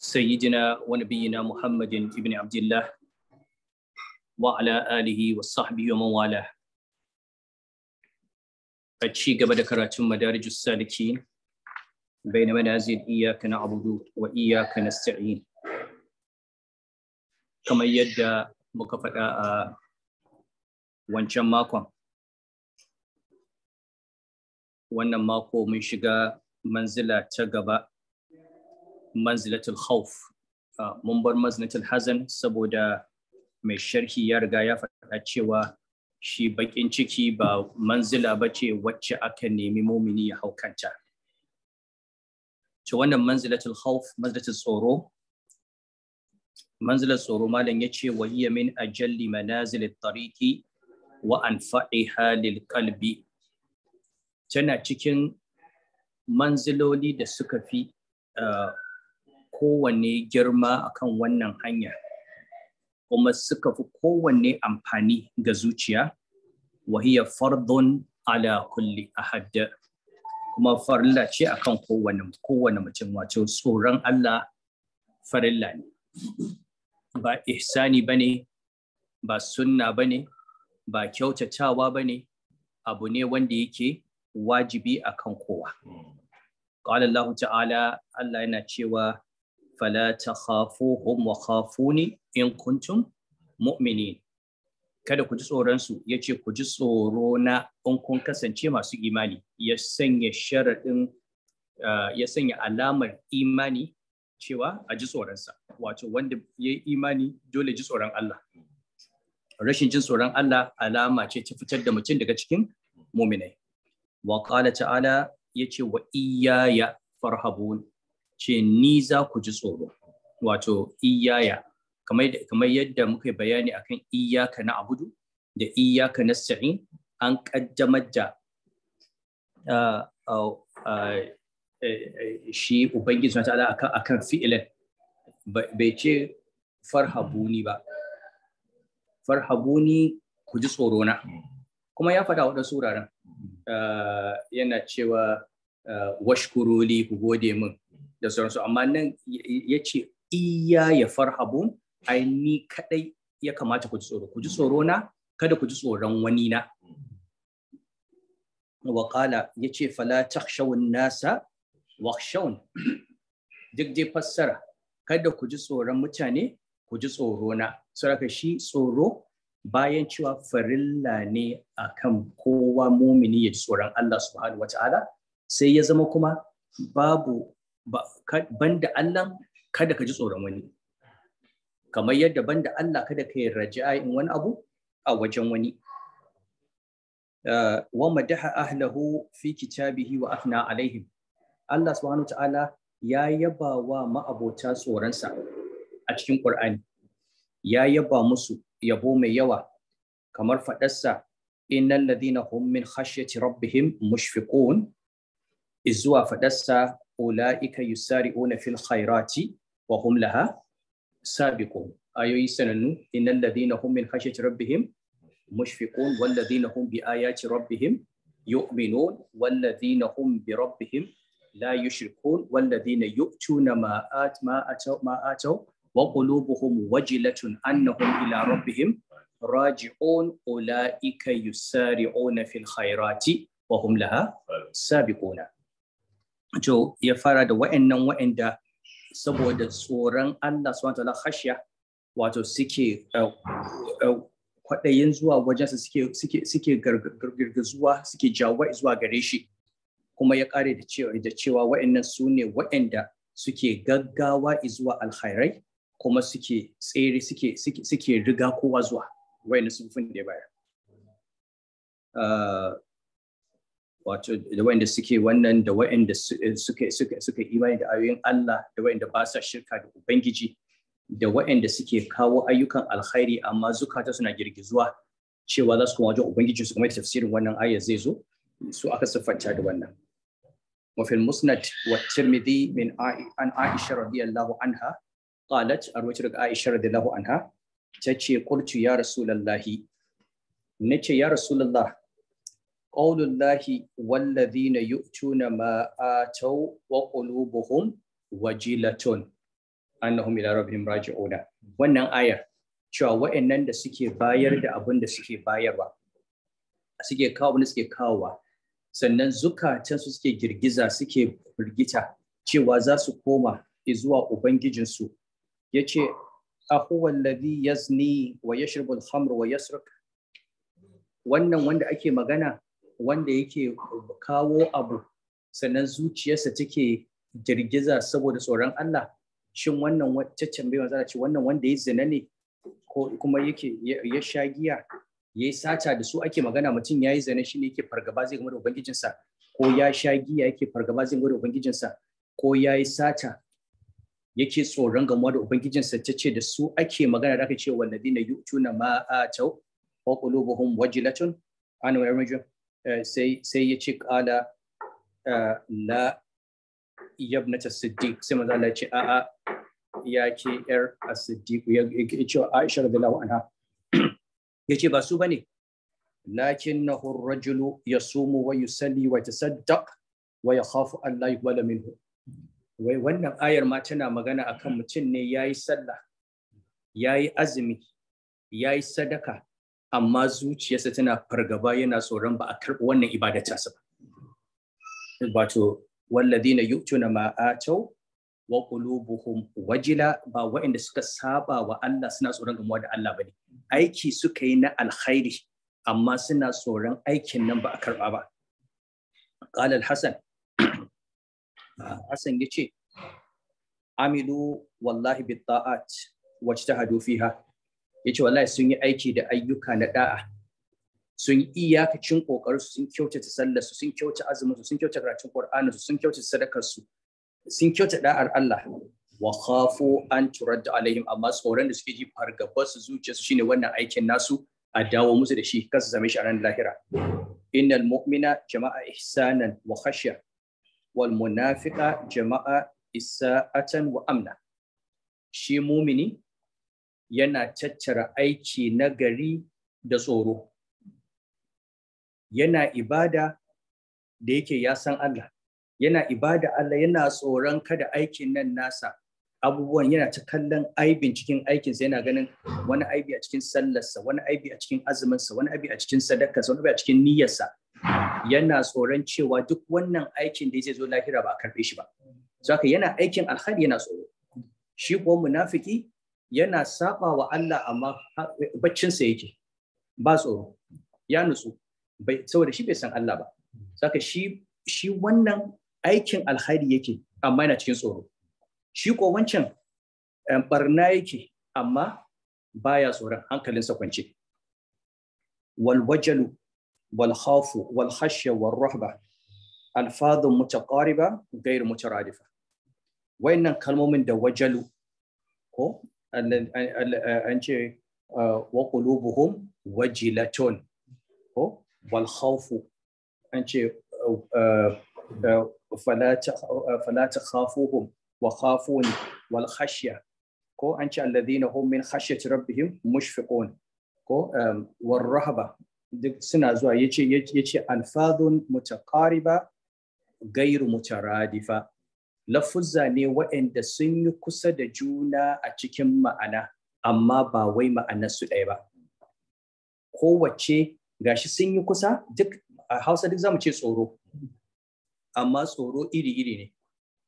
سيدنا ونبينا محمد بن عبد الله وعلى آله وصحبه ومن والاه أتشي قبل كراتم مدارج السالكين بين منازل إياك نعبد وإياك نستعين كما يدى مكفأة wancan makon wannan mako mun shiga manzila ta gaba manzilatul khawf ah, mun bar manzilatul hazan saboda mai sharhi ya riga ya faɗa cewa shi bakin ciki ba manzila ba ce wacce aka nemi mumini ya haukanta. to wannan manzilatul khawf manzilatul tsoro manzilar tsoro malam ya ce wa hiya min ajalli manazilit tariki wa anfa'iha lil qalbi tana cikin manziloli da suka fi ah, kowanne girma akan wannan hanya kuma suka fi kowanne amfani ga zuciya wahiya fardun ala kulli ahad kuma farilla ce akan kowanne kowanne mutum wato tsoron Allah farilla ne ba ihsani bane ba sunna bane ba kyautatawa bane abu ne wanda yake wajibi akan kowa hmm. qala Allah ta'ala Allah yana cewa fala takhafuhum wa khafuni in kuntum kada ku ji tsoron su yace ku ji tsoro na in kun kasance masu imani ya sanya sharadin ya sanya alamar imani cewa a ji tsoronsa wato wanda ya yi imani dole ji tsoron Allah rashin jin tsoron Allah alama ce ta fitar da mutum daga cikin muminai wa ta'ala ta'ala yace wa iyaya farhabun ce ni za ku ji tsoro wato iyaya kamar yadda muka bayani akan iyaka na abudu da iyaka na sa'in an kaddamar da shi ubangiji na ta'ala akan akan fi'ilin bai ce farhabuni ba farhabuni ku ji tsoro na kuma ya faɗa waɗansu wuraren yana cewa washkuroli ku gode min da sauransu amma nan ya ce iya ya farhabun ai ni kadai ya kamata ku ji tsoro ku ji tsoro na kada ku ji tsoron wani na wa qala yace fala takhshawun nasa wakhshawun duk dai fassara kada ku ji tsoron mutane ku ji tsoro na saraka shi tsoro bayan cewa farilla ne kan kowa mumini ya ji tsoron Allah subhanahu wataala sai ya zama kuma babu banda Allah kada ka ji tsoron wani kamar yadda banda Allah kada ka yi in wani abu a wajen wani uh, wa madaha ahlahu fi kitabihi wa afna alaihim Allah subhanahu wa ta'ala ya yaba wa ma'abota tsoronsa a cikin Qur'ani ya yaba musu yabo mai yawa kamar fadarsa innal ladina hum min khashyati rabbihim mushfiqun izuwa faɗarsa ula'ika yusari'una fil khairati wa hum laha sabiqun ayoyi sanannu innal ladina hum min khashyati rabbihim mushfiqun wal ladina hum bi ayati rabbihim yu'minun wal ladina hum bi rabbihim la yushrikun wal ladina yu'tuna ma at ma ataw ma ataw wa qulubuhum wajilatun annahum ila rabbihim راجعون أولئك يسارعون في الخيرات وهم لها سابقون jo ya fara da wa'annan wa'anda saboda tsoron Allah subhanahu khashya wato suke uh, uh, kwaɗayin zuwa wajensa suke suke suke jawo zuwa gare shi kuma ya ƙare da cewa da cewa wa'annan su ne wa'anda suke gaggawa zuwa alkhairai kuma suke tsere suke suke riga kowa zuwa wa'annan sun da ya wato da wa'anda suke wannan da wa'anda eh, suke suke suke imani da ayoyin Allah da wa'anda ba sa shirka da ubangiji da wa'anda suke kawo ayyukan alkhairi amma zukata suna girgizuwa cewa za su kuma wajen ubangiji su kuma tafsirin wannan ayar zai zo su aka siffanta da wannan وفي المسند والترمذي من عن عائشه رضي الله عنها قالت اروت عائشه Anha, الله عنها تتشي قلت ya رسول الله نتشي يا qaulullahi wallazina yu'tuna ma ataw wa qulubuhum wajilatun annahum wannan ayar cewa wa'annan da suke bayar da abin da suke bayarwa suke kawo abin suke kawowa sannan zukatansu suke girgiza suke firgita cewa za su koma zuwa ubangijinsu ya ce ahuwa wannan wanda ake magana wanda yake uh, kawo abu sannan zuciyarsa take girgiza saboda tsoron Allah shin wannan waccan bai wanzara ce wannan wanda ya zina ne ko kuma yake ya sha giya ya yi sata da su ake magana mutum ya yi zane shi ne yake fargaba zai gama da ubangijinsa ko ya sha giya yake fargaba zai gama da ubangijinsa ko ya yi sata yake tsoron gamuwa da ubangijinsa ta ce da su ake magana da aka ce wallazi na yu'tuna ma tau wa qulubuhum wajilatun ana wa Eh, sai sai ya ce kala eh, la yabnata siddiq sai manzo Allah ya ce a ya ce yar as-siddiq ya ce Aisha radhiyallahu anha yace ba su bane lakinnahu ar-rajulu yasumu wa yusalli wa tasaddaq wa yakhafu an la wala minhu wai wannan ayar ma tana magana akan mutum ne yayi sallah yayi azumi yayi sadaka amma zuciyarsa tana fargaba yana tsoron ba a karɓi wannan ibada ta ba wato na yu'tuna ma atau wa qulubuhum wajila ba wa'inda suka saba wa Allah suna tsoron gamuwa da Allah ne aiki suka yi na alkhairi amma suna tsoron aikin nan ba a karɓa ba Ƙalal Hassan. Hassan ya ce. amilu wallahi bi ta'at fi fiha yace wallahi sun yi aiki da ayyuka na da'a sun yi iyakacin kokarin sun kyautata sallar sun kyauta azumin sun kyauta karatun Qur'ani sun kyautata sadakarsu. sun kyauta da'ar Allah wa khafu an turadda alaihim amma tsoron da suke ji fargaba su zuciya su shine wannan aikin nasu a dawo musu da shi su zame shi a ranar lahira innal mu'mina jama'a ihsanan wa khashya wal munafiqa jama'a isa'atan wa amna shi mumini yana caccara aiki na gari da tsoro yana ibada da yake ya san Allah yana ibada Allah yana tsoron kada aikin nan nasa abubuwan yana ta kallon aibin cikin aikinsa yana ganin wani aibi a cikin sallarsa wani aibi a cikin azuminsa wani aibi a cikin sadakarsa wani aibi a cikin niyyarsa yana tsoron cewa duk wannan aikin da zai zo lahira ba a shi ba so yana aikin alhali yana tsoro shi ko munafiki yana saba wa Allah amma baccinsa yake ba tsoro ya nutsu saboda shi bai san Allah ba saka shi shi wannan aikin alkhairi yake amma yana cikin tsoro shi ko wancan barna eh, yake amma baya tsoron hankalinsa kwance wal wajalu wal khafu wal khashya wal rahba alfadhun mutaqariba ghayr mutaradifa wayannan kalmomin da wajalu ko an ce ah, wa qulubuhum wajilatun ko wal khawfu an ce ah, ah, fala takhafuhum wa khafuni wal khashya ko an ce alladhina hum min khashyati rabbihim mushfiqun ko um, war rahaba duk suna zuwa yace yace alfadun mutaqariba gairu mutaradifa lafuzza ne waɗanda sun yi kusa da juna a cikin ma'ana amma ba wai su ɗaya ba kowace gashi sun yi kusa duk a hausa duk zamu ce tsoro amma tsoro iri-iri ne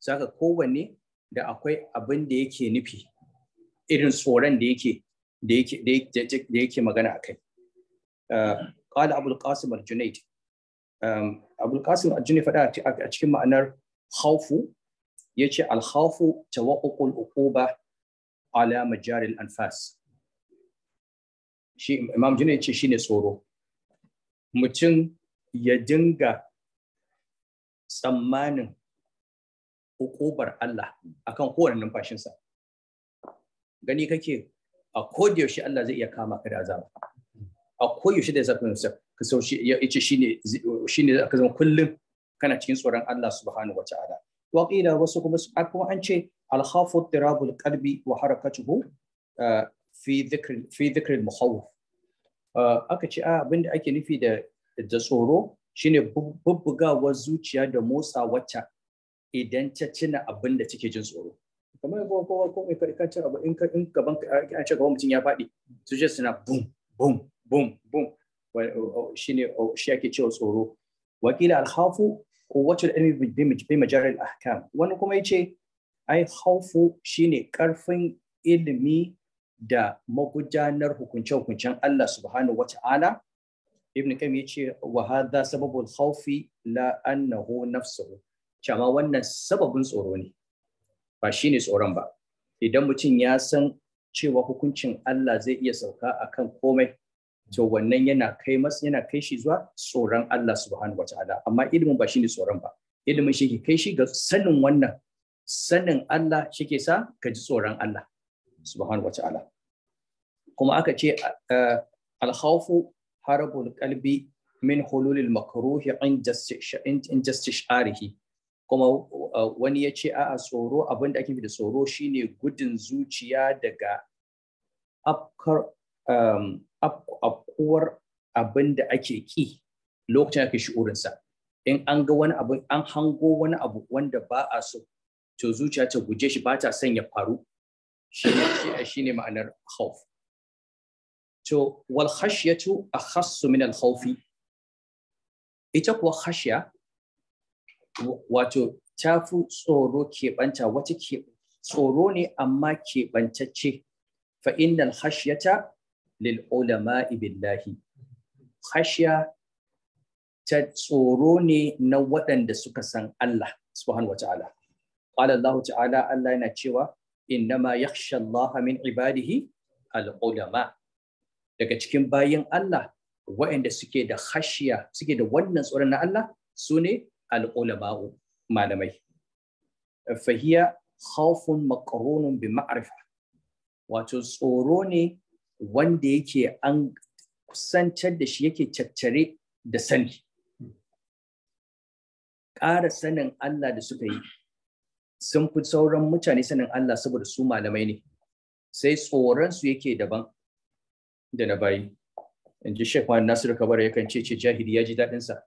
saka kowanne da akwai abin da yake nufi irin tsoron da yake da yake magana akai eh, qala abul qasim al-junayd eh, abul qasim al-junayd faɗa a cikin ma'anar khawfu yace al ta tawaqqu'ul uquba ala majaril anfas shi imam jini shi ne tsoro mutum ya dinga tsammanin uqubar Allah akan kowane numfashinsa gani kake a yaushe Allah zai iya kama ka da azaba a koyaushe da zafin sa ka sau shi ya ce shine shine zama kullum kana cikin tsoron Allah subhanahu Ta'ala. wa wasu kuma kuma an ce alhafu khafu tirabul qalbi wa harakatuhu uh, fi dhikr al uh, aka ce a ah, abinda ake nufi da da tsoro shine bubbugawar zuciya da motsa wacce idan ta cina abin da take jin tsoro kamar kowa kowa ko mai karkacin abu in in gaban an ce gaban mutum ya faɗi zuciya suna bum bum bum bum shine shi ake cewa tsoro wakila alhafu quwwatul ilmi bi majaril ahkam wani kuma yace ai haufu shine karfin ilimi da magudanar hukunce-hukuncen Allah subhanahu wata'ala ibn kam yace wa hadha sababul khawfi la annahu nafsuhu cewa wannan sababin tsoro ne ba shine tsoron ba idan mutum ya san cewa hukuncin Allah zai iya sauka akan komai to wannan yana kai masa yana kai shi zuwa tsoron Allah subhanahu Ta'ala amma ilimin ba shine tsoron ba ilimin shi ke kai shi ga sanin wannan sanin Allah shi ke sa ka ji tsoron Allah subhanahu Ta'ala. kuma aka ce al alhaufu harabul qalbi min hululil makruhi inda istisharihi kuma wani ya ce a'a tsoro abin da ake fi da tsoro shine gudun zuciya daga afkar um, afkuwar abin da ake ki lokacin ake shi'urinsa in an ga wani abu an hango wani abu wanda ba a so to zuciya ta guje shi ba ta son ya faru shi ne ma'anar khauf to wal khashyatu akhassu min al khawfi ita kuwa khashya wato ta fi tsoro keɓanta wata ke tsoro ne amma keɓantacce fa innal khashyata lil ulama'i billahi khashiya ta tsoro ne na waɗanda suka san Allah subhanahu wa ta'ala qala Allah ta'ala Allah yana cewa innama yakhsha Allah min ibadihi al ulama daga cikin bayin Allah waɗanda suke da khashiya suke da wannan tsoron na Allah sune al malamai fahiya khawfun maqrunun bi ma'rifa wato tsoro ne wanda yake an kusantar da shi yake caccare da sani ƙara sanin Allah da suka yi sun fi sauran mutane sanin Allah saboda su malamai ne sai tsoronsu yake daban da na bayi in ji shek nasiru kabara yakan ce ce jahili ya ji daɗinsa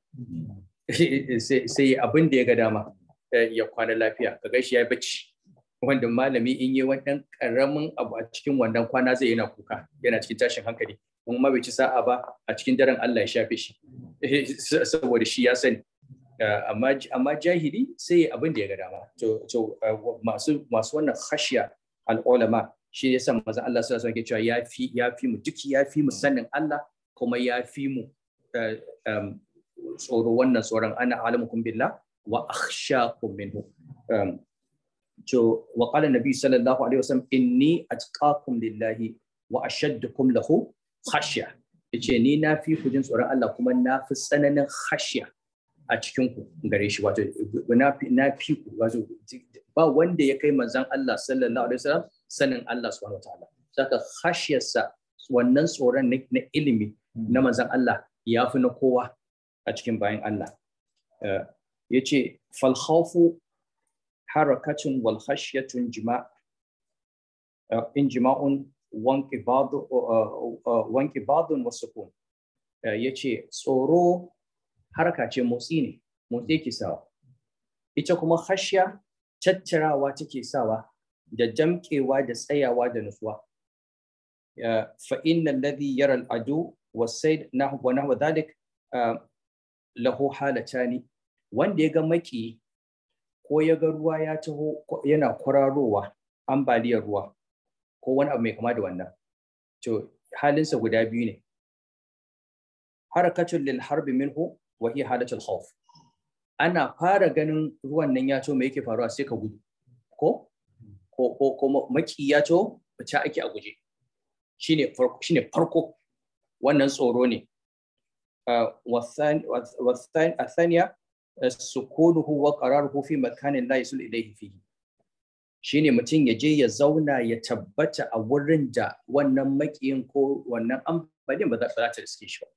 sai abin da ya ga dama eh, ya kwana lafiya ka gaishe ya yi bacci wanda malami in yi wannan karamin abu a cikin wannan kwana zai yana kuka yana cikin tashin hankali kuma ma bai ci sa'a ba a cikin daren Allah ya shafe shi eh, saboda shi ya sani eh, amma jahili sai abin da ya ga dama to to eh, masu masu wannan khashiya al ulama shi yasa maza Allah sallallahu alaihi wasallam ya fi ya fi mu duk ya fi mu sanin Allah kuma ya fi mu tsoro wannan tsoron ana alamukum billah wa akhshakum minhu to wa qala nabi sallallahu alaihi wasallam inni atqakum lillahi wa ashaddukum lahu khashya yace ni na fi ku jin tsoron Allah kuma na fi tsananin khashya a cikin ku gare shi wato na fi ku wato ba wanda ya kai manzon Allah sallallahu alaihi wasallam sanin Allah subhanahu wataala saka khashyarsa wannan tsoron na ilimi na manzon Allah ya fi na kowa a cikin bayan Allah eh, yace fal khawfu harakatun wal khashyatun jima' uh, injima'un wanki uh, uh, badun wasu Yace ya ce tsoro harka ce motsi ne motsi ke sawa ita kuma hashiya tattarawa take sawa da jamkewa da tsayawa da nutsuwa fa inna alladhi yara al'adu wa sayd nahwa nahwa dhalik lahu halatani wanda ya ga maki ko ya ga ruwa ya taho yana kwararowa ambaliyar ruwa ko wani abu mai kama da wannan to halinsa guda biyu ne harakatun lil harbi minhu wa hiya halatul khawf ana fara ganin ruwan nan ya taho me yake faruwa sai ka gudu ko ko ko, ko maki ya taho bace ake a guje shine farko shine farko wannan tsoro ne saniya. Ah, sukunuhu wa qararuhu fi makanin la yasul ilayhi fihi shine mutum ya je ya zauna ya tabbata a wurin da wannan makiyin ko wannan amfanin ba za ta tsara shi ba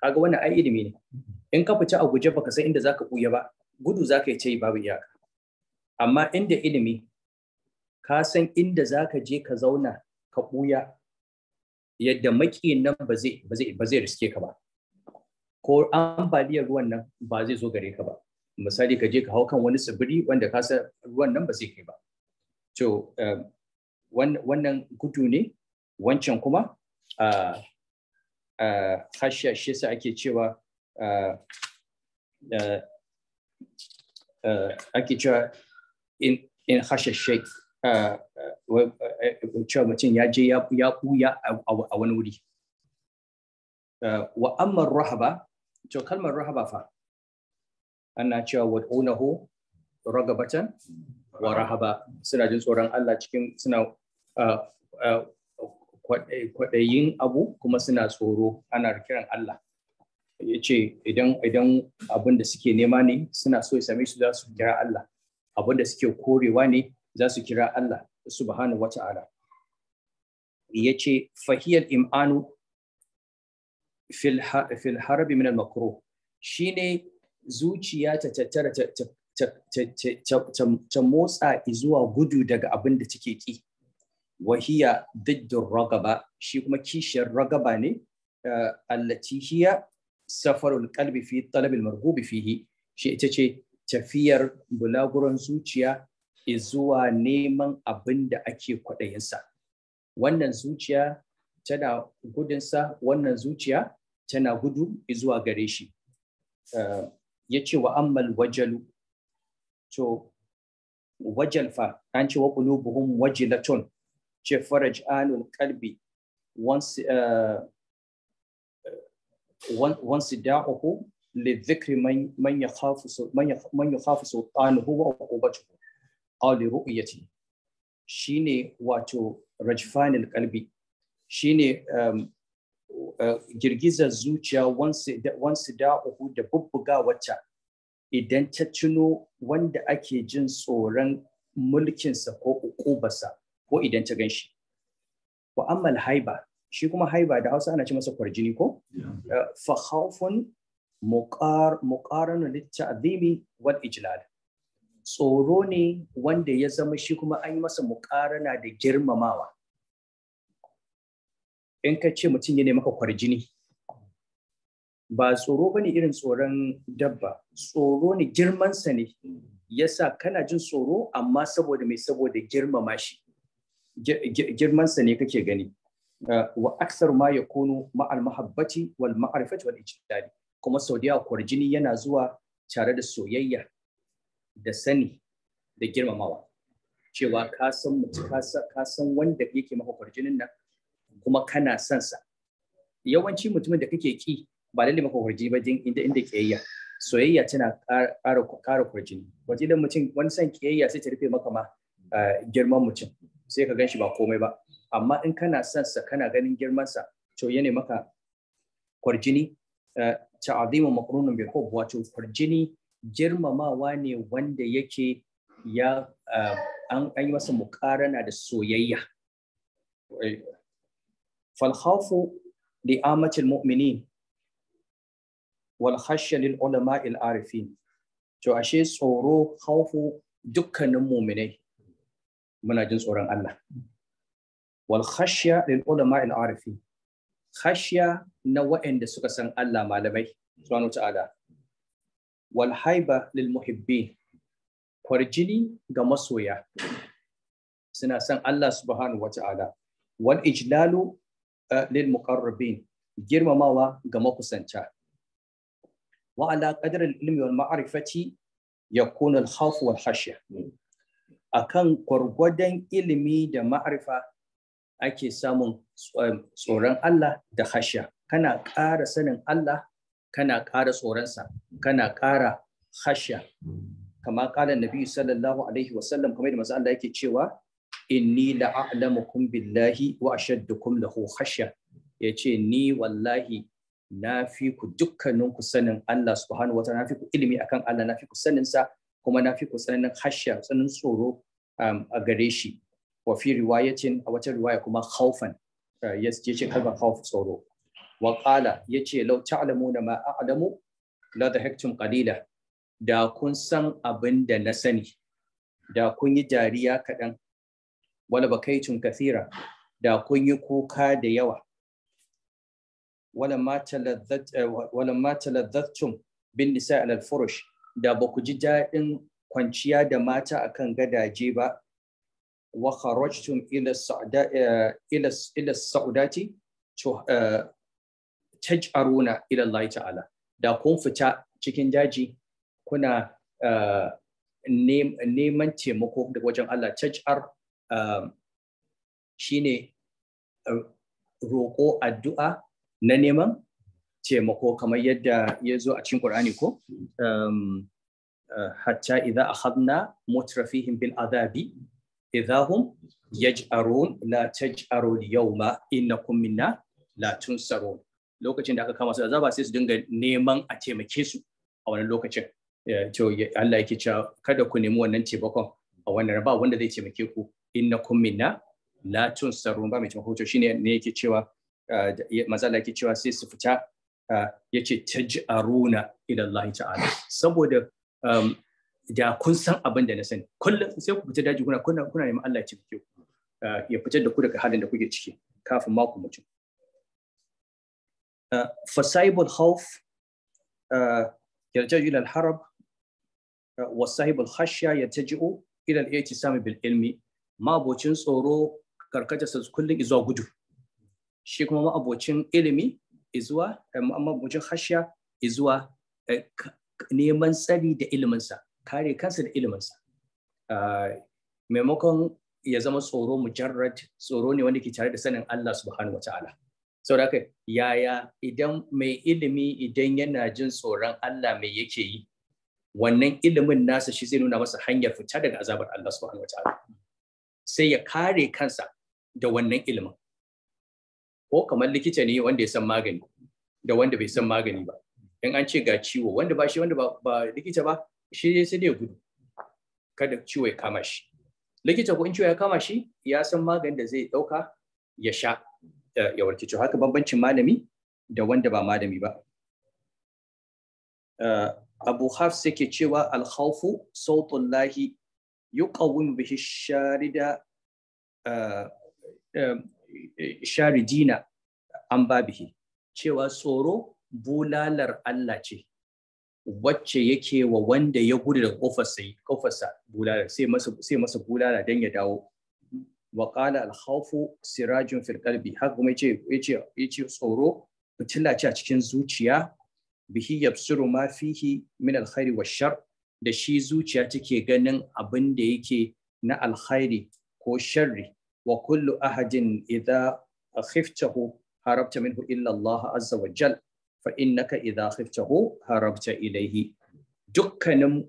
kaga wannan ai ilimi ne in ka fita a guje baka san inda zaka buya ba gudu zaka yi babu iyaka amma inda ilimi ka san inda zaka je ka zauna ka buya yadda makiyin nan ba zai ba zai riske ka ba ko ambaliyar ruwan nan ba zai zo gare ka ba misali ka je ka hau kan wani tsibiri wanda ka san ruwan nan ba zai kai ba to eh, wannan gudu ne wancan kuma eh, eh, hasha shi sa ake cewa ake cewa in hasha shek cewa mutum ya je ya buya a wani wuri wa amma rahaba to kalmar rahaba fa ana cewa unahu ragabatan wa rahaba suna jin tsoron Allah cikin suna ah, ah, kwaɗayin abu kuma suna tsoro ana kiran Allah ya ce idan idan abin da suke nema ne suna so ya same su za su kira Allah abin da suke korewa ne za su kira Allah subhanahu wata'ala ya ce fahiyar im'anu fil harabi min al-makruh shine zuciya ta tattara motsa izuwa gudu daga abin da take ki wahiya diddin ragaba shi kuma kishiyar ragaba ne allati hiya safarul qalbi fi talabil marghubi fihi shi ita ce tafiyar bulaguran zuciya izuwa neman abin da ake kwaɗayinsa wannan zuciya tana gudunsa wannan zuciya tana gudu zuwa gare shi eh, ya ce wa ammal wajalu to wajal fa an ce wa qulubuhum wajilatun ce faraj anul qalbi once uh, once da'uhu للذكر من من يخاف من من يخاف سلطانه وعقوبته او لرؤيته shine wato rajfanil kalbi shine um, uh, girgizar zuciya wansu uku da bubbuga wacce idan ta cino wanda ake jin tsoron mulkinsa ko ukubasa ko idan ta gan shi. Wa ammal haiba, shi kuma haiba da hausa ana ce masa kwarjini ko? Uh, fa khawfun litta azimi wal ijlal. Tsoro ne wanda ya zama shi kuma an yi masa muƙarana da girmamawa. in ka ce mutum ya nemi maka kwarjini ba tsoro ba ne irin tsoron dabba tsoro ne girmansa ne Ya yasa kana jin tsoro amma saboda mai saboda girmama shi girmansa ne kake gani wa aksar ma ya kono ma'al mahabbati wal ma'arifati wal ijtihadi kuma sau da yawa kwarjini yana zuwa tare da soyayya da sani da girmamawa cewa ka san mutum ka san wanda yake maka kwarjinin nan kuma kana son sa yawanci mutumin da kake ki ba lalle maka kurji ba din inda inda kiyayya soyayya tana ƙara ƙara kurji wajen da mutum wani san kiyayya sai ta rufe maka ma girman mutum sai ka ganshi ba komai ba amma in kana son sa kana ganin girman sa to yana maka kurjini azimu maqrunun bi hubb wato kurjini girmamawa ne wanda yake ya an yi masa muƙarana da soyayya فالخوف لآمة المؤمنين والخشية للعلماء العارفين to ashe tsoro khawfu dukkanin muminai muna jin tsoron Allah wal khashya lil ulama al arifi khashya na waɗanda suka san Allah malamai subhanahu ta'ala wal haiba lil muhibbin kwarjini ga masoya suna san Allah subhanahu wa ta'ala wal ijlalu lil muqarrabin girmamawa ga makusanta wa ala qadar al ilmi wal ma'rifati yakunu al khawf akan gwargwadon ilimi da ma'arifa ake samun tsoron Allah da khashya kana ƙara sanin Allah kana ƙara tsoronsa kana ƙara hasha kama ƙalan nabi sallallahu alaihi wasallam kamar yadda masu Allah yake cewa inni la'alamukum billahi wa ashaddukum lahu khashya yace ni wallahi na fi ku dukkanin ku sanin Allah subhanahu wataala na fi ku ilimi akan Allah na fi ku sanin sa kuma na fi ku sanin khashya sanin tsoro um, a gare shi wa fi riwayatin a wata riwaya kuma khawfan uh, yace kalmar khauf tsoro wa qala yace law ta'lamuna ma a'lamu la dhahaktum qalila da kun san abin da na sani da kun yi jariya kaɗan wala bakaitun kathira da kun yi kuka da yawa wala mata taladdattum eh, bin nisa alal furush da ba ku ji daɗin kwanciya da mata akan gadaje ba wa kharajtum ila eh, sa'udati eh, taj'aruna ila Allah ta'ala da kun fita cikin daji kuna neman taimako daga wajen Allah taj'ar Um, shi ne uh, roƙo addu'a na neman taimako kamar yadda ya zo a cikin ƙur'ani ko um, uh, hatta idza akhadna mutrafihim bil adabi idza hum yaj'arun la taj'aru yawma innakum minna la tunsarun lokacin da aka kama su da azaba sai su dinga neman a taimake su a wannan lokacin eh, to Allah yake cewa kada ku nemi wannan taimakon a wannan ba wanda zai taimake ku innakum minna la tunsarun ba mai taimako to shine ne yake cewa mazala yake cewa sai su fita yace taj'aruna ila Allah ta'ala saboda da kun san abin da na sani kullum sai ku fita daji kuna kuna kuna neman Allah ya ku ya fitar da ku daga halin da kuke ciki kafin ma ku mutu فصاحب الخوف يرجع إلى الهرب وصاحب الخشية يرجع إلى الاعتصام بالعلم ma'abocin tsoro karkatarsa kullum izuwa gudu shi kuma ma'abocin ilimi izuwa eh, ma'abocin hasha izuwa eh, neman tsari da iliminsa kare kansa da iliminsa ah, maimakon ya zama tsoro mujarrad tsoro ne wanda ke tare da sanin Allah subhanahu wataala saboda haka yaya idan mai ilimi idan yana jin tsoron Allah mai yake yi wannan ilimin nasa shi zai nuna masa hanyar fita daga azabar Allah subhanahu wataala sai ya kare kansa da wannan ilimin ko kamar likita ne wanda ya san magani da wanda bai san magani ba in an ce ga ciwo wanda ba shi wanda ba likita ba shi sai dai ya gudu kada ciwo ya kama shi likita ko in ciwo ya kama shi ya san magani da zai ɗauka ya sha ya warke ciwo haka bambancin malami da wanda ba malami ba eh, abu hafs yake cewa sautun lahi yuqawwimu bihi sharida eh, eh, eh, sharidina an babihi cewa tsoro bulalar Allah ce wacce yake wa wanda ya gudu da kofarsa kofarsa bulala sai masa sai masa bulala dan ya dawo wa qala al khawfu sirajun fil qalbi haka kuma yace yace yace tsoro fitila ce a cikin zuciya bihi yabsuru ma fihi min al khairi wash shar da shi zuciya take ganin abin da yake na alkhairi ko sharri wa kullu ahadin idza khiftahu harabta minhu illa Allah azza wa jal fa innaka idza khiftahu harabta ilayhi dukkanin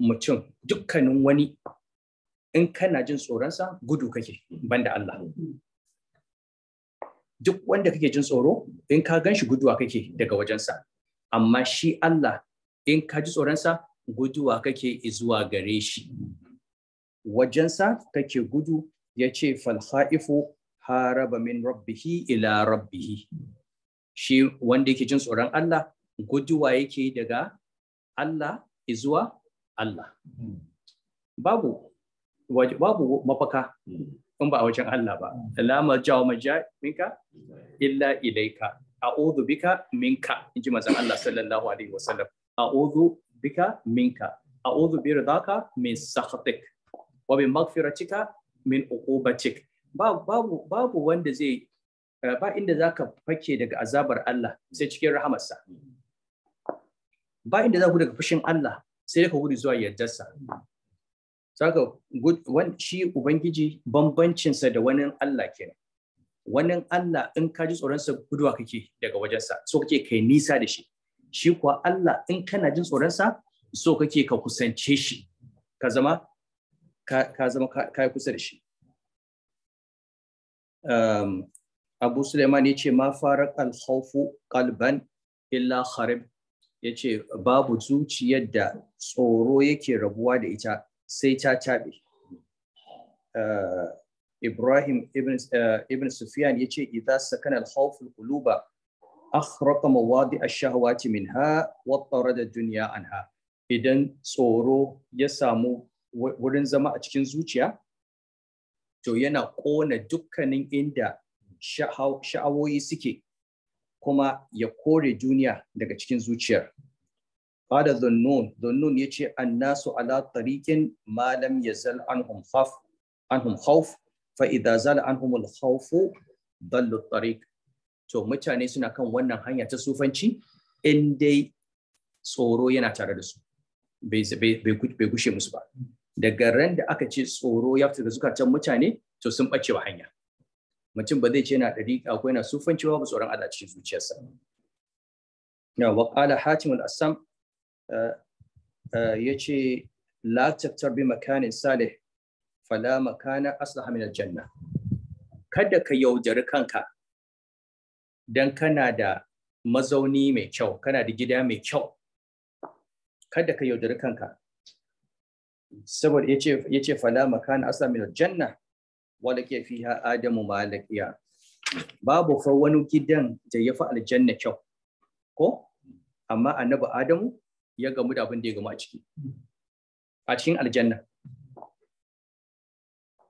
mutum dukkanin wani in kana jin tsoronsa gudu kake banda Allah duk wanda kake jin tsoro in ka ganshi guduwa kake daga wajensa amma shi Allah in ka ji tsoronsa guduwa kake izuwa gare shi wajensa kake gudu ya ce falha'ifu haraba min rabbihi ila rabbihi shi wanda yake jin tsoron Allah guduwa yake daga Allah izuwa Allah babu babu mafaka in ba a wajen Allah ba lama majaw maja minka illa ilaika a'udhu bika minka inji manzon Allah sallallahu alaihi wasallam a'udhu bika minka a'udhu bi ridaka min sakhatik wa bi maghfiratika min uqubatik babu babu wanda zai ba inda zaka fake daga azabar Allah sai cikin rahamarsa ba inda za ku daga fushin Allah sai ka gudu zuwa yardarsa saka shi ubangiji bambancinsa da wani Allah ke, wani Allah in ka ji tsoronsa guduwa kake daga wajensa so kake kai nisa da shi shi kuwa Allah in kana jin tsoronsa so kake ka kusance shi ka zama ka zama ka yi kusa da shi um, Abu Suleiman ya ce ma farar alhaufu kalban illa kharib ya ce babu zuciyar da tsoro yake rabuwa da ita sai ta taɓe. Uh, Ibrahim uh, ibn Sufyan ya ce idza sakana al-khawf akhraqa mawadi ash-shahawati minha wa tarada dunya anha idan tsoro ya samu wurin zama a cikin zuciya to yana kona dukkanin inda sha'awoyi suke kuma ya kore duniya daga cikin zuciyar qala dhunnun dhunnun yace annasu ala tariqin ma lam yazal anhum khaf anhum khawf fa idza zala anhum al khawf dallu tariq to mutane suna kan wannan hanya ta sufanci in dai tsoro yana tare da su bai gushe musu ba daga ran da aka ce tsoro ya fita da zukatan mutane to sun ɓace wa hanya mutum ba zai ce yana ɗariƙa ko yana sufanci ba tsoron Allah cikin zuciyarsa na wa qala hatim al-assam eh, eh, yace la tattar bi makanin salih fala makana aslaha min al-janna kada ka yaudari kanka don kana da mazauni mai kyau kana da gida mai kyau kada ka yaudari kanka saboda ya ce fala makana asa aljanna, janna wala ke fi ha adamu malakiya babu fa wani gidan da ya fi aljanna kyau ko amma annabi adamu ya gamu da abin da ya gamu a ciki a cikin aljanna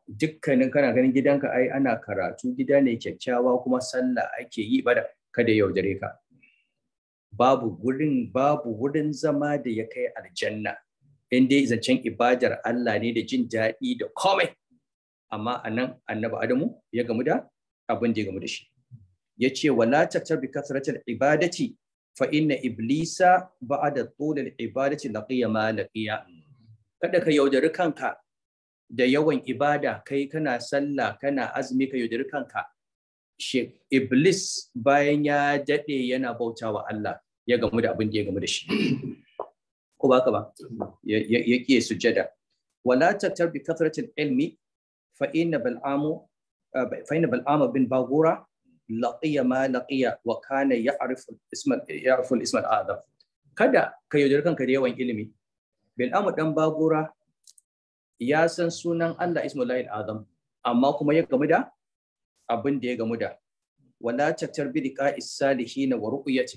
dukkanin kana ganin gidanka ai ana karatu gida ne kyakkyawa kuma sallah ake yi bada kada yaudare ka babu wurin babu wurin zama da ya kai aljanna in dai zancen ibadar Allah ne da jin daɗi da komai amma anan annabi Adamu ya gamu da abin da ya gamu da shi ya ce wala tatar bi kasratil ibadati fa inna iblisa ba'da tulil ibadati laqiya ma laqiya kada ka yaudari kanka da yawan ibada kai kana sallah kana azumi ka yaudari kanka iblis bayan ya daɗe yana bauta wa Allah ya gamu da abin da ya gamu da shi ko ba ka ba ya ke sujada wala tattar bi kathratil ilmi fa inna bal'amu eh, fa inna bal'ama bin bagura laqiya ma laqiya wa kana ya'rifu ismal ya'rifu ismal adam kada ka yaudari kanka da yawan ilimi bil'amu dan bagura ya san sunan Allah Ismullahi Azam amma kuma ya gamu da abin da ya gamu da wala tattar bi liqa'is salihin wa ru'yati.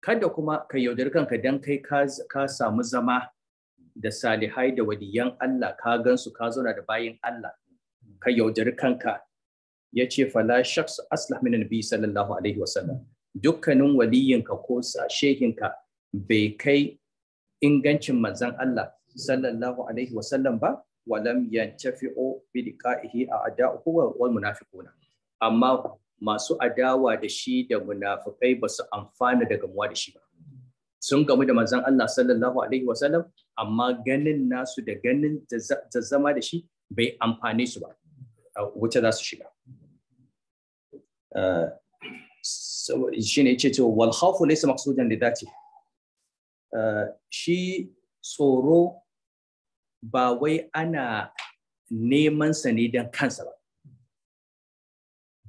kada kuma ka yaudari kanka dan kai ka ka samu zama da salihai da waliyan Allah ka gansu ka zauna da bayin Allah ka yaudari kanka ya ce fala shaksu aslah min nabi sallallahu alaihi wasallam dukkanin waliyinka ko shehinka bai kai ingancin manzon Allah sallallahu alaihi wa sallam ba wa lam yantafi'u bi liqa'ihi a'da'uhu wal munafiquna amma masu adawa da shi da munafikai ba su amfana da gamuwa da shi ba sun gamu da manzon Allah sallallahu alaihi wasallam amma ganin nasu da ganin da zama da shi bai amfane su ba wuce za su shiga shi ne ce wal khawfu laysa maqsudan li dhati shi tsoro ba wai ana neman sa ne don kansa ba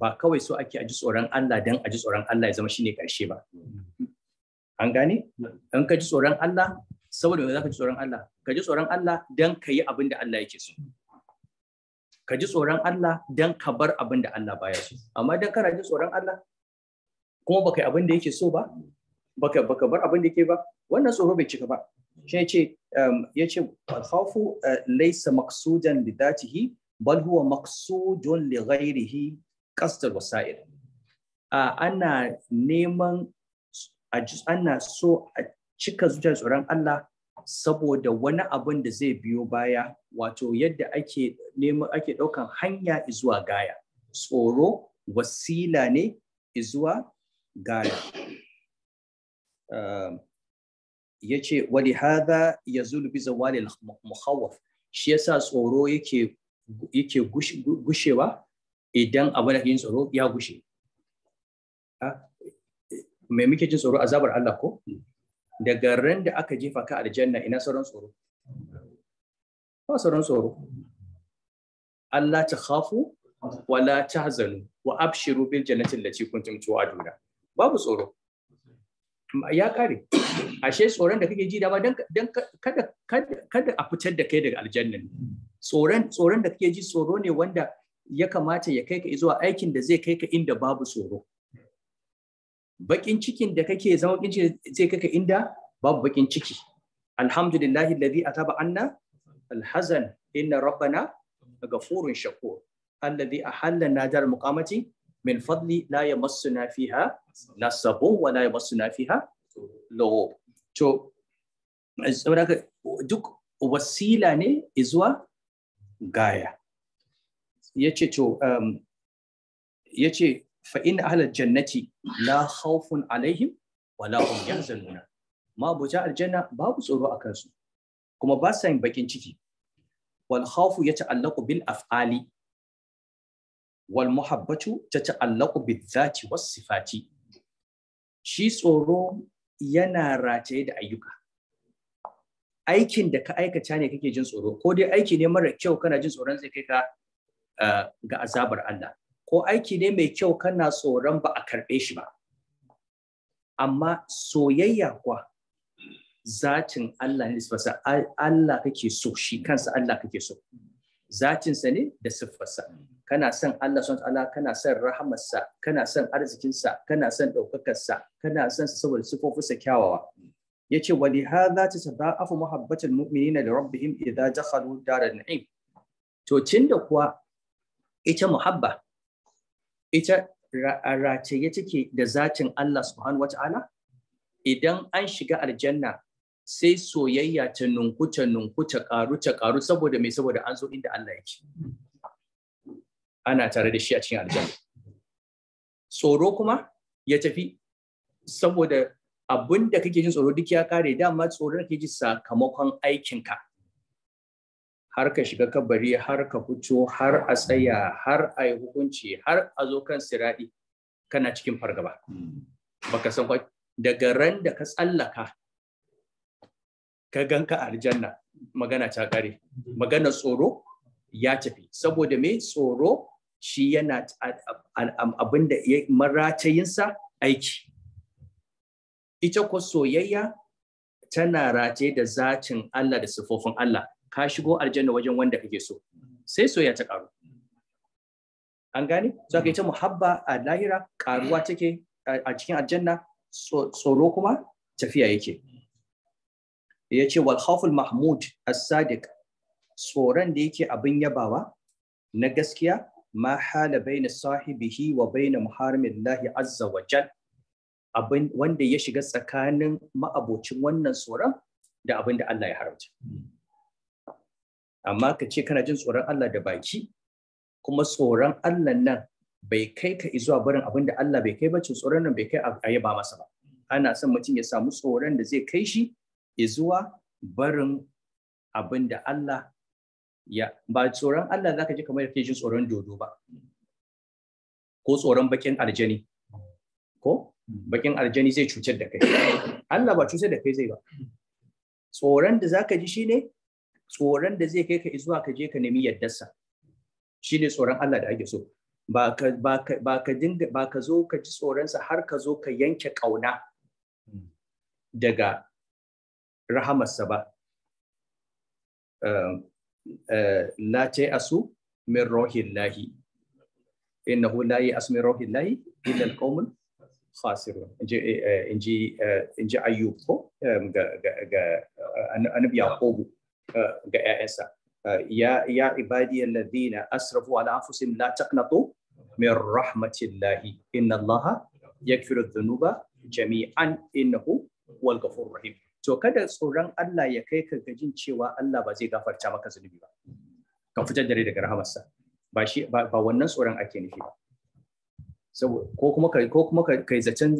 ba kawai so ake aji tsoron Allah don aji tsoron Allah ya zama shine karshe ba an gane don ka ji tsoron Allah saboda me ka ji tsoron Allah ka ji tsoron Allah don ka yi abin da Allah yake so ka ji tsoron Allah don ka bar abin da Allah baya so amma don kana ji tsoron Allah kuma baka yi abin da yake so ba baka baka bar abin da yake ba wannan tsoro bai cika ba shi yace um, yace al-khawfu uh, laysa maqsudan bi dhatihi bal huwa maqsudun li ghairihi qasd wasail ana neman so a cika zuciyar tsoron Allah saboda wani abun da zai biyo baya wato yadda ake neman ake ɗaukan hanya izuwa gaya tsoro wasila ne zuwa gaya um, Ya yace wali ya ya bi zawali al muhawar shi yasa tsoro yake gushewa idan abu da yin tsoro ya gushe me muke jin tsoro azabar Allah ko daga ran da aka jefa ka aljanna ina sauran tsoro ba sauran tsoro Allah ta khafu wala tahzanu wa abshiru bil jannati allati kuntum tu'aduna babu tsoro ya kare ashe tsoron da kake ji da ba dan kada kada a fitar da kai daga aljannan tsoron tsoron da kake ji tsoro ne wanda ya kamata ya kai ka zuwa aikin da zai kai ka inda babu tsoro bakin cikin da kake zama bakin cikin zai kai ka inda babu bakin ciki alhamdulillahi alladhi ataba anna alhazan inna rabbana ghafurun shakur alladhi ahallana dar muqamati min fadli la yamassuna fiha nasabun wa la yamassuna fiha lughub to saboda duk wasila ne zuwa gaya yace to um, yace fa in ahlal jannati la khawfun alaihim wa la hum yahzanuna ma buja aljanna babu tsoro akan su kuma ba sa yin bakin ciki wal khawfu yata'allaqu bil af'ali wal muhabbatu ta ta'allaqu bizati was sifati shi tsoro yana rataye da ayyuka aikin da ka aikata ne kake jin tsoro ko dai aiki ne mara kyau kana jin tsoron zai kai ka eh, ga azabar Allah ko aiki ne mai kyau kana tsoron ba a karɓe shi ba amma soyayya kuwa zatin Allah ne Allah kake so shi kansa Allah kake so zatinsa ne da siffarsa kana son Allah wa ta'ala kana son rahamarsa kana son arzikinsa kana son ɗaukakarsa kana son saboda sifofinsa kyawawa yace wa li hadha tasaba'u muhabbatul mu'minina li rabbihim idza dakhalu daral na'im to da kuwa ita muhabba ita race yace ke da zatin Allah subhanahu Ta'ala? idan an shiga aljanna sai soyayya ta nunku ta nunku ta karu ta karu saboda me saboda an zo inda Allah yake ana tare da shi a cikin aljanna tsoro kuma ya tafi saboda abin da kake jin tsoro duk ya kare dama tsoron kake ji sakamakon aikinka har ka shiga kabari har ka fito har a tsaya har a yi hukunci har a zo kan siradi kana cikin fargaba hmm. baka san daga ran da ka tsallaka ka ganka a aljanna magana ta kare magana tsoro ya tafi saboda me tsoro shi yana abin da maratayinsa aiki ita ko soyayya tana rataye da zacin Allah da sifofin Allah ka shigo aljanna wajen wanda kake so sai soyayya ta karu an gane kai ita muhabba a lahira karuwa take a cikin aljanna tsoro kuma tafiya yake ya ce wal khawful mahmud as-sadiq tsoron da yake abin yabawa na gaskiya ma hala baina sahibihi wa baina muharimillahi azza wa jal abin wanda ya shiga tsakanin ma'abocin wannan tsoron da abin da Allah ya haramta amma ka ce kana jin tsoron Allah da baki kuma tsoron Allah nan bai kai ka izuwa barin abin da Allah bai kai ba tsoron nan bai kai a yaba masa ba ana son mutum ya samu tsoron da zai kai shi izuwa barin abin da Allah ya ba tsoron Allah zaka ji kamar kake jin tsoron dodo ba ko tsoron bakin aljani ko bakin aljani zai cutar da kai Allah ba cutar da kai zai ba tsoron da zaka ji shine tsoron da zai kai ka izuwa ka je ka nemi yaddarsa shine tsoron Allah da ake so ba ka ba ka ba ka dinga ba ka zo ka ji tsoron sa har ka zo ka yanke kauna daga rahama saba la ta asu min rohillahi innahu la ya asu min rohillahi illa alqawmul khasirun inji inji ayyub ko ga ga annabi yaqubu ga ƴaƴansa ya ya ibadi alladhina asrafu ala anfusihim la taqnatu min rahmatillahi inna allaha yaghfiru dhunuba jami'an innahu huwal ghafurur rahim to kada tsoron Allah ya kai ka ga jin cewa Allah ba zai gafarta maka zunubi ba ka fitar da rai daga rahamarsa ba shi ba wannan tsoron ake nufi ba saboda ko kuma kai ko kuma kai zaton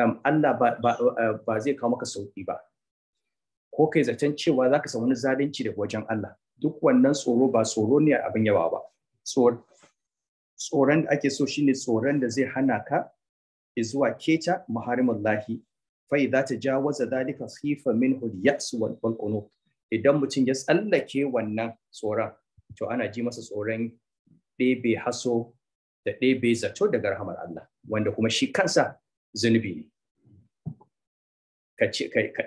um, Allah uh, ba zai kawo maka sauki ba ko kai zaton cewa zaka samu wani zalunci daga wajen Allah duk wannan tsoro ba tsoro ne abin yawa ba tsoron da ake so shine tsoron da zai hana ka zuwa keta maharimallahi fa idza tajawaza dhalika khifa minhu al-ya's wal idan mutum ya tsallake wannan tsoron to ana ji masa tsoron ɗebe haso da ɗebe zato daga rahamar Allah wanda kuma shi kansa zunubi ne ka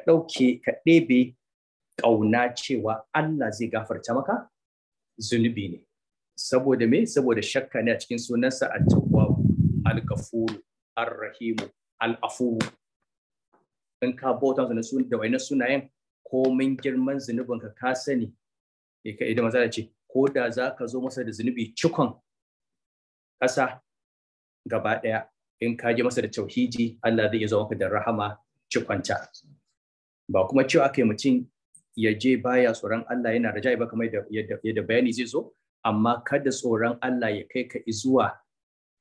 ɗauke ka ɗebe ƙauna cewa Allah zai gafarta maka zunubi ne saboda me saboda shakka ne a cikin sunansa at-tawwab al-ghafur ar-rahim al-afuw in ka bauta masa da wayannan sunayen komin girman zunubin ka ka sani eh, idan maza ce ko da za ka zo masa da zunubi cikon ƙasa gaba ɗaya in ka je masa da tauhidi Allah zai zo maka da rahama cikonta ba kuma cewa kai mutum ya je baya tsoron Allah yana da ba kamar yadda bayani zai zo amma kada tsoron Allah ya kai ka zuwa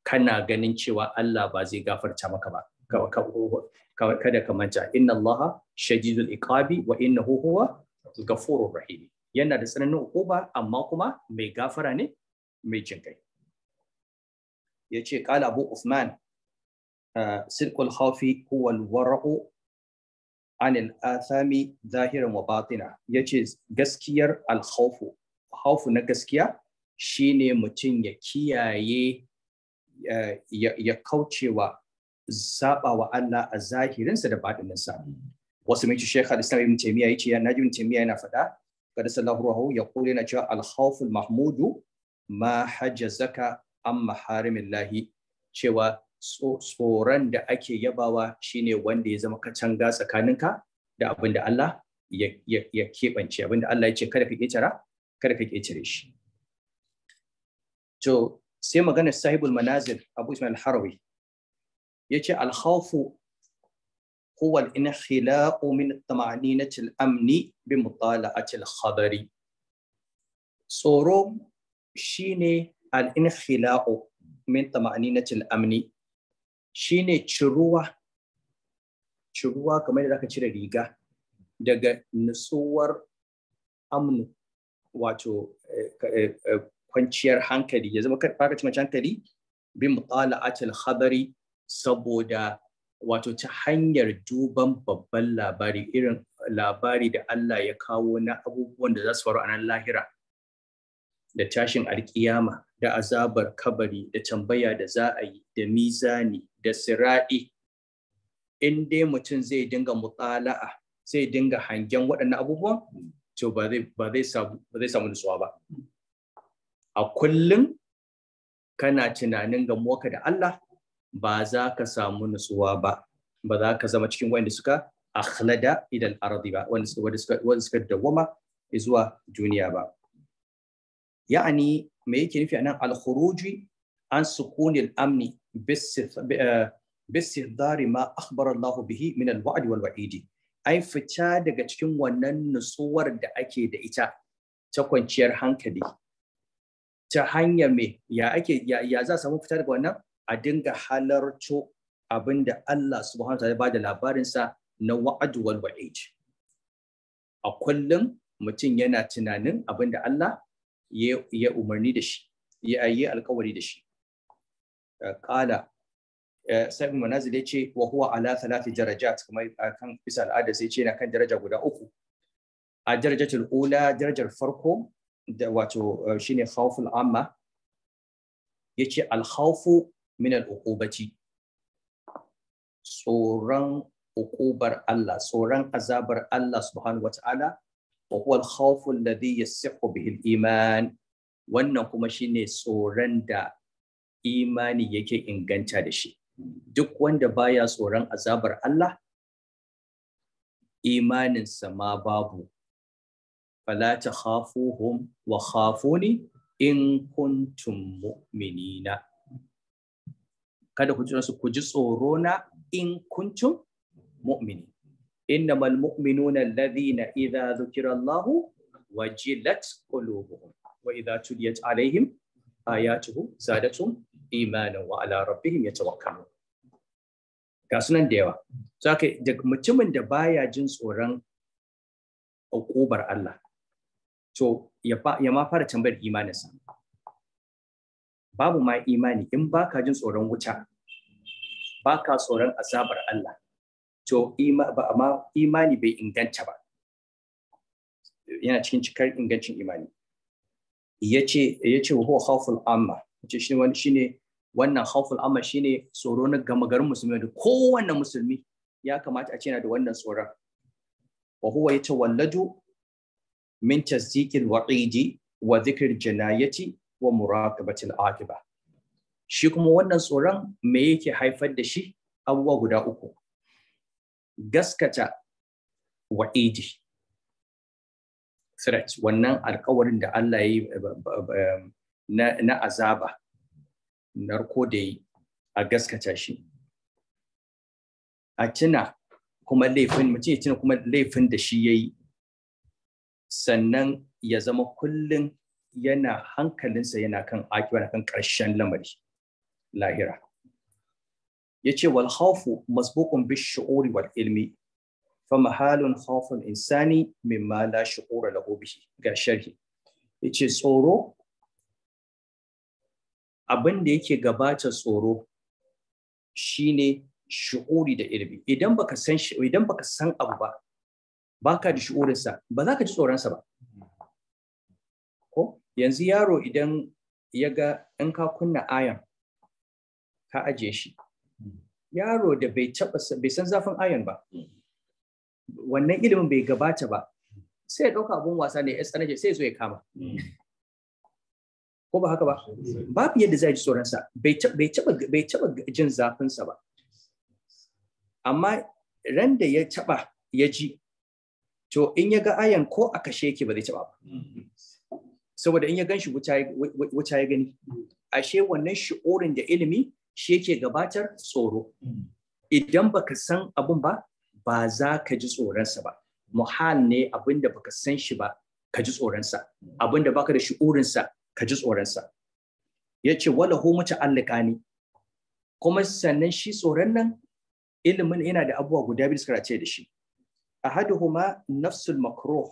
kana ganin cewa Allah ba zai gafarta maka ba kada ka manta inna allaha shadidul iqabi wa innahu huwa ghafurur rahim yana da tsananin ukuba amma kuma mai gafara ne mai jin kai yace qala abu usman ah, sirkul khafi huwa alwara'u anil athami zahiran wa batina yace gaskiyar alkhawfu khawfu na gaskiya shine mutum ya kiyaye eh, ya kaucewa saba wa Allah a zahirinsa da baɗininsa wasu mai shekha al-islam ibn taymiya yace ya najib ibn taymiya yana faɗa kada sallahu ruhu ya kula na cewa al-khawf mahmudu ma zaka an maharimillahi cewa tsoron da ake yabawa shine wanda ya zama katanga tsakaninka da abin Allah ya keɓance abin da Allah ya ce kada ka ƙetara kada ka ƙetare shi to sai maganar sahibul manazir abu ismail harawi yace al-khawfu huwa al-inkhilaqu min tamaninati al-amni bi mutala'ati al-khabari tsoro shine al-inkhilaqu min tama'ninati al-amni shine ciruwa ciruwa kamar da zaka cire riga daga nutsuwar amnu wato eh, eh, eh, kwanciyar hankali ya zama kar hankali bi mutala'ati al-khabari saboda wato ta hanyar duban babban labari irin labari da Allah ya kawo na abubuwan da za su faru a nan lahira da tashin alkiyama da azabar kabari da tambaya da za a yi da mizani da sira'i in dai mutum zai dinga mutsala'a zai dinga hangen waɗannan abubuwan to ba zai samu nutsuwa ba a kullum kana tunanin ga muka da Allah ba za ka samu nutsuwa ba ba za ka zama cikin wanda suka akhlada idan ardi ba wanda suka dawama zuwa duniya ba ya'ani me yake nufi anan al-khuruji an sukun al-amni bistihdari ma akhbara Allah bihi min al-wa'd wal wa'id ai fita daga cikin wannan nutsuwar da ake da ita ta kwanciyar hankali ta hanyar me ya ake ya, za samu fita daga wannan a dinga halarco abinda Allah subhanahu wa ya bada labarinsa na wa'ad wal wa'id a kullum mutum yana tunanin abinda Allah ya umarni da shi ya yi alkawari da shi Kala, eh, eh, sai manazil ya ce wa huwa ala thalathi darajat kamar kan bisa al'ada sai ce yana kan daraja guda uku a darajatul ula darajar farko da wato eh, shine khawful amma yace ce alhauf'u. min al'uqubati tsoron uqubar Allah tsoron azabar Allah subhanahu wata'ala wa huwa al-khawfu alladhi bihi al-iman wannan kuma shine tsoron da imani yake inganta da shi duk wanda baya tsoron azabar Allah imaninsa ma babu fala ta khafuhum wa khafuni in kuntum mu'minina kada ku ji su ku ji tsoro na in kuntum mu'mini innamal mu'minuna alladhina idza dhukira Allahu wajilat qulubuhum wa idza tuliyat alaihim ayatuhu zadatum imanan wa ala rabbihim yatawakkalun ga sunan da yawa saka da mutumin da baya jin tsoron ukubar Allah to ya ma fara tambayar imaninsa babu ma imani in baka jin tsoron wuta baka tsoron azabar Allah to imani bai inganta ba yana cikin cikar ingancin imani yace yace wa khawful amma yace shi wani shine wannan khawful amma shine tsoro na gama musulmi da kowanne musulmi ya kamata a ce yana da wannan tsoron wa huwa walladu min tasdiqil wa'idi wa dhikr jinayati wa muraqabatil aqiba shi kuma wannan tsoron me yake haifar da shi abubuwa guda uku gaskata wa idi threat wannan alkawarin da Allah ya yi eh, na azaba narko da yi a gaskata shi a tuna kuma laifin mutum ya tuna kuma laifin da shi ya yi sannan ya zama kullum yana hankalinsa yana kan akiwa na kan ƙarshen lamari lahira ya ce wal khawfu masbukun bi shu'uri wal ilmi fa mahalun haufin insani mimma la shu'ura lahu bihi ga sharhi yace tsoro abinda yake gabata tsoro shine shu'uri da ilmi idan baka san san abu ba baka da shu'urinsa ba za ka ji tsoronsa ba yanzu yaro idan ya ga in ka kunna ayon ka aje shi yaro da bai taba bai san zafin ayon ba wannan ilimin bai gabata ba sai ya ɗauka abun wasa ne ya tsanaje sai ya zo ya kama ko ba haka ba babu yadda zai ji tsoronsa bai taba jin zafinsa ba amma ran da ya taba ya ji to in ya ga ayan ko a kashe yake ba zai taba ba saboda in ya gan wuta ya gani ashe wannan shi'orin da ilimi shi yake gabatar tsoro idan baka san abun ba ba za ka ji tsoronsa ba muhal ne abin da baka san shi ba ka ji tsoronsa abin da baka da shi'orinsa ka ji tsoronsa ya ce wala hu muta'allika ne kuma sannan shi tsoron nan ilimin yana da abubuwa guda biyu suka ce da shi ahaduhuma nafsul makruh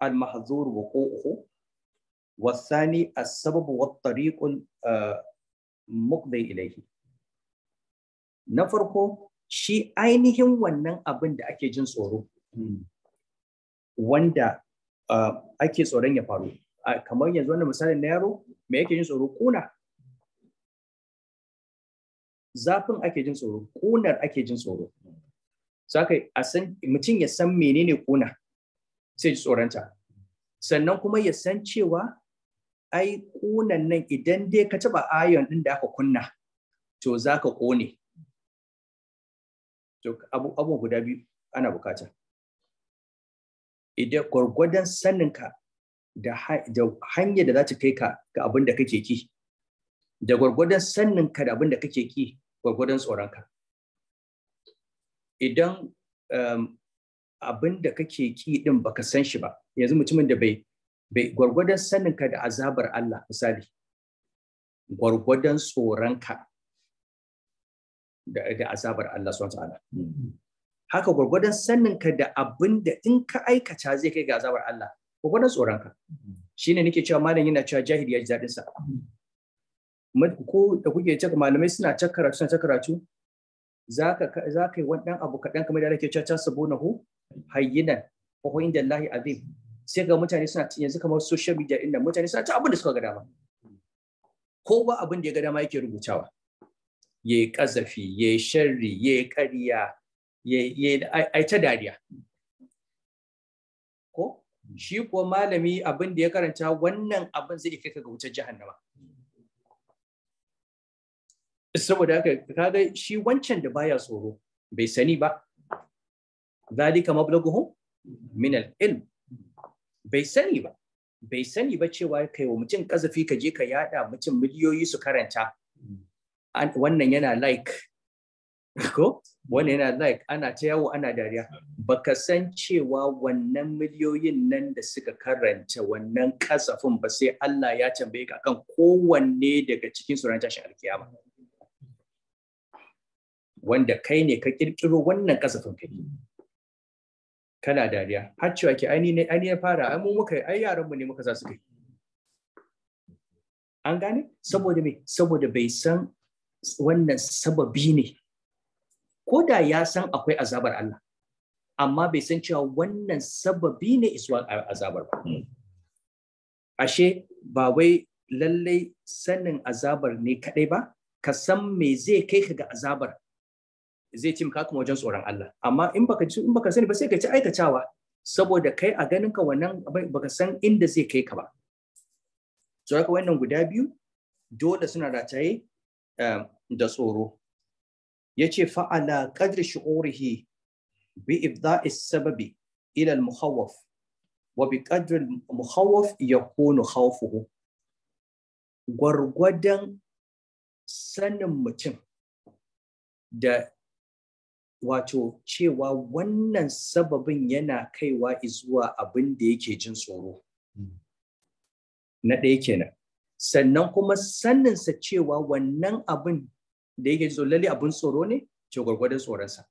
al mahzur wuqu'uhu والثاني السبب والطريق المقضي إليه farko shi ainihin wannan abin da ake jin tsoro wanda ake tsoron ya faru kamar yanzu نيرو misalin na yaro me yake jin tsoro kuna zafin ake jin tsoro kunar ake jin tsoro saka a san mutum ya san menene kuna sai ji tsoronta sannan kuma ya san cewa ai kunan nan idan dai ka taba ayon din da aka kunna to za ka kone to abu guda biyu ana bukata idan gwargwadon saninka da hanyar da za ta kai ka ga abin da kake ki da gwargwadon saninka da abin da kake ki gwargwadon tsoronka idan um, abin da kake ki din baka san shi ba yanzu mutumin da bai gwargwadon saninka da azabar Allah misali gwargwadon tsoronka da azabar Allah subhanahu ta'ala haka gwargwadon saninka da abin da in ka aikata zai kai ga azabar Allah gwargwadon tsoronka shine nake cewa malam yana cewa jahili ya ji daɗin sa ko da kuke caka malamai suna ta karatu suna ta karatu zaka zaka yi wani abu kaɗan kamar da ake cewa sabonahu hayyinan wa inda Allah azim sai ga mutane suna yanzu kamar social media din mutane suna ta abin da suka ga dama kowa abin da ya ga dama yake rubutawa yayi kazafi yayi sharri yayi ƙarya yayi ai ta dariya ko shi kuwa malami abin da ya karanta wannan abin zai kai ka ga wutar jahannama saboda haka ga shi wancan da baya tsoro bai sani ba zalika mablaghu min al-ilm bai sani ba bai sani ba cewa kai wa mutum kazafi ka je ka yada mutum miliyoyi su karanta wannan yana like ko wannan yana like ana ta yawo ana dariya baka san cewa wannan miliyoyin nan da suka karanta wannan kasafin ba sai Allah ya tambaye ka kan kowanne daga cikin su ran tashin alkiyama wanda kai ne ka kirkiro wannan kasafin kai kana dariya har cewa ke aini ne ya fara ai mu muka ai yaran mu ne muka za su kai an gane saboda me saboda bai san wannan sababi ne ko da ya san akwai azabar Allah amma bai san cewa wannan sababi ne isuwa azabar ba hmm. ashe ba wai lallai sanin azabar ne kadai ba ka san me zai kai ka ga azabar zai ka kuma wajen tsoron Allah amma in baka in baka sani ba sai ka ci aikatawa saboda kai a ganin ka wannan baka san inda zai kai ka ba so haka wannan guda biyu dole suna rataye eh, da tsoro yace fa'ala qadri shu'urihi bi ibda'i sababi ila al-mukhawwaf wa bi qadri al-mukhawwaf yakunu khawfuhu gwargwadon sanin mutum da wato cewa wannan sababin yana kaiwa zuwa abin da yake jin tsoro. Na ɗaya kenan. Sannan kuma saninsa cewa wannan abin da yake tsoro lalle abin tsoro ne, ke gwargwadon tsoronsa.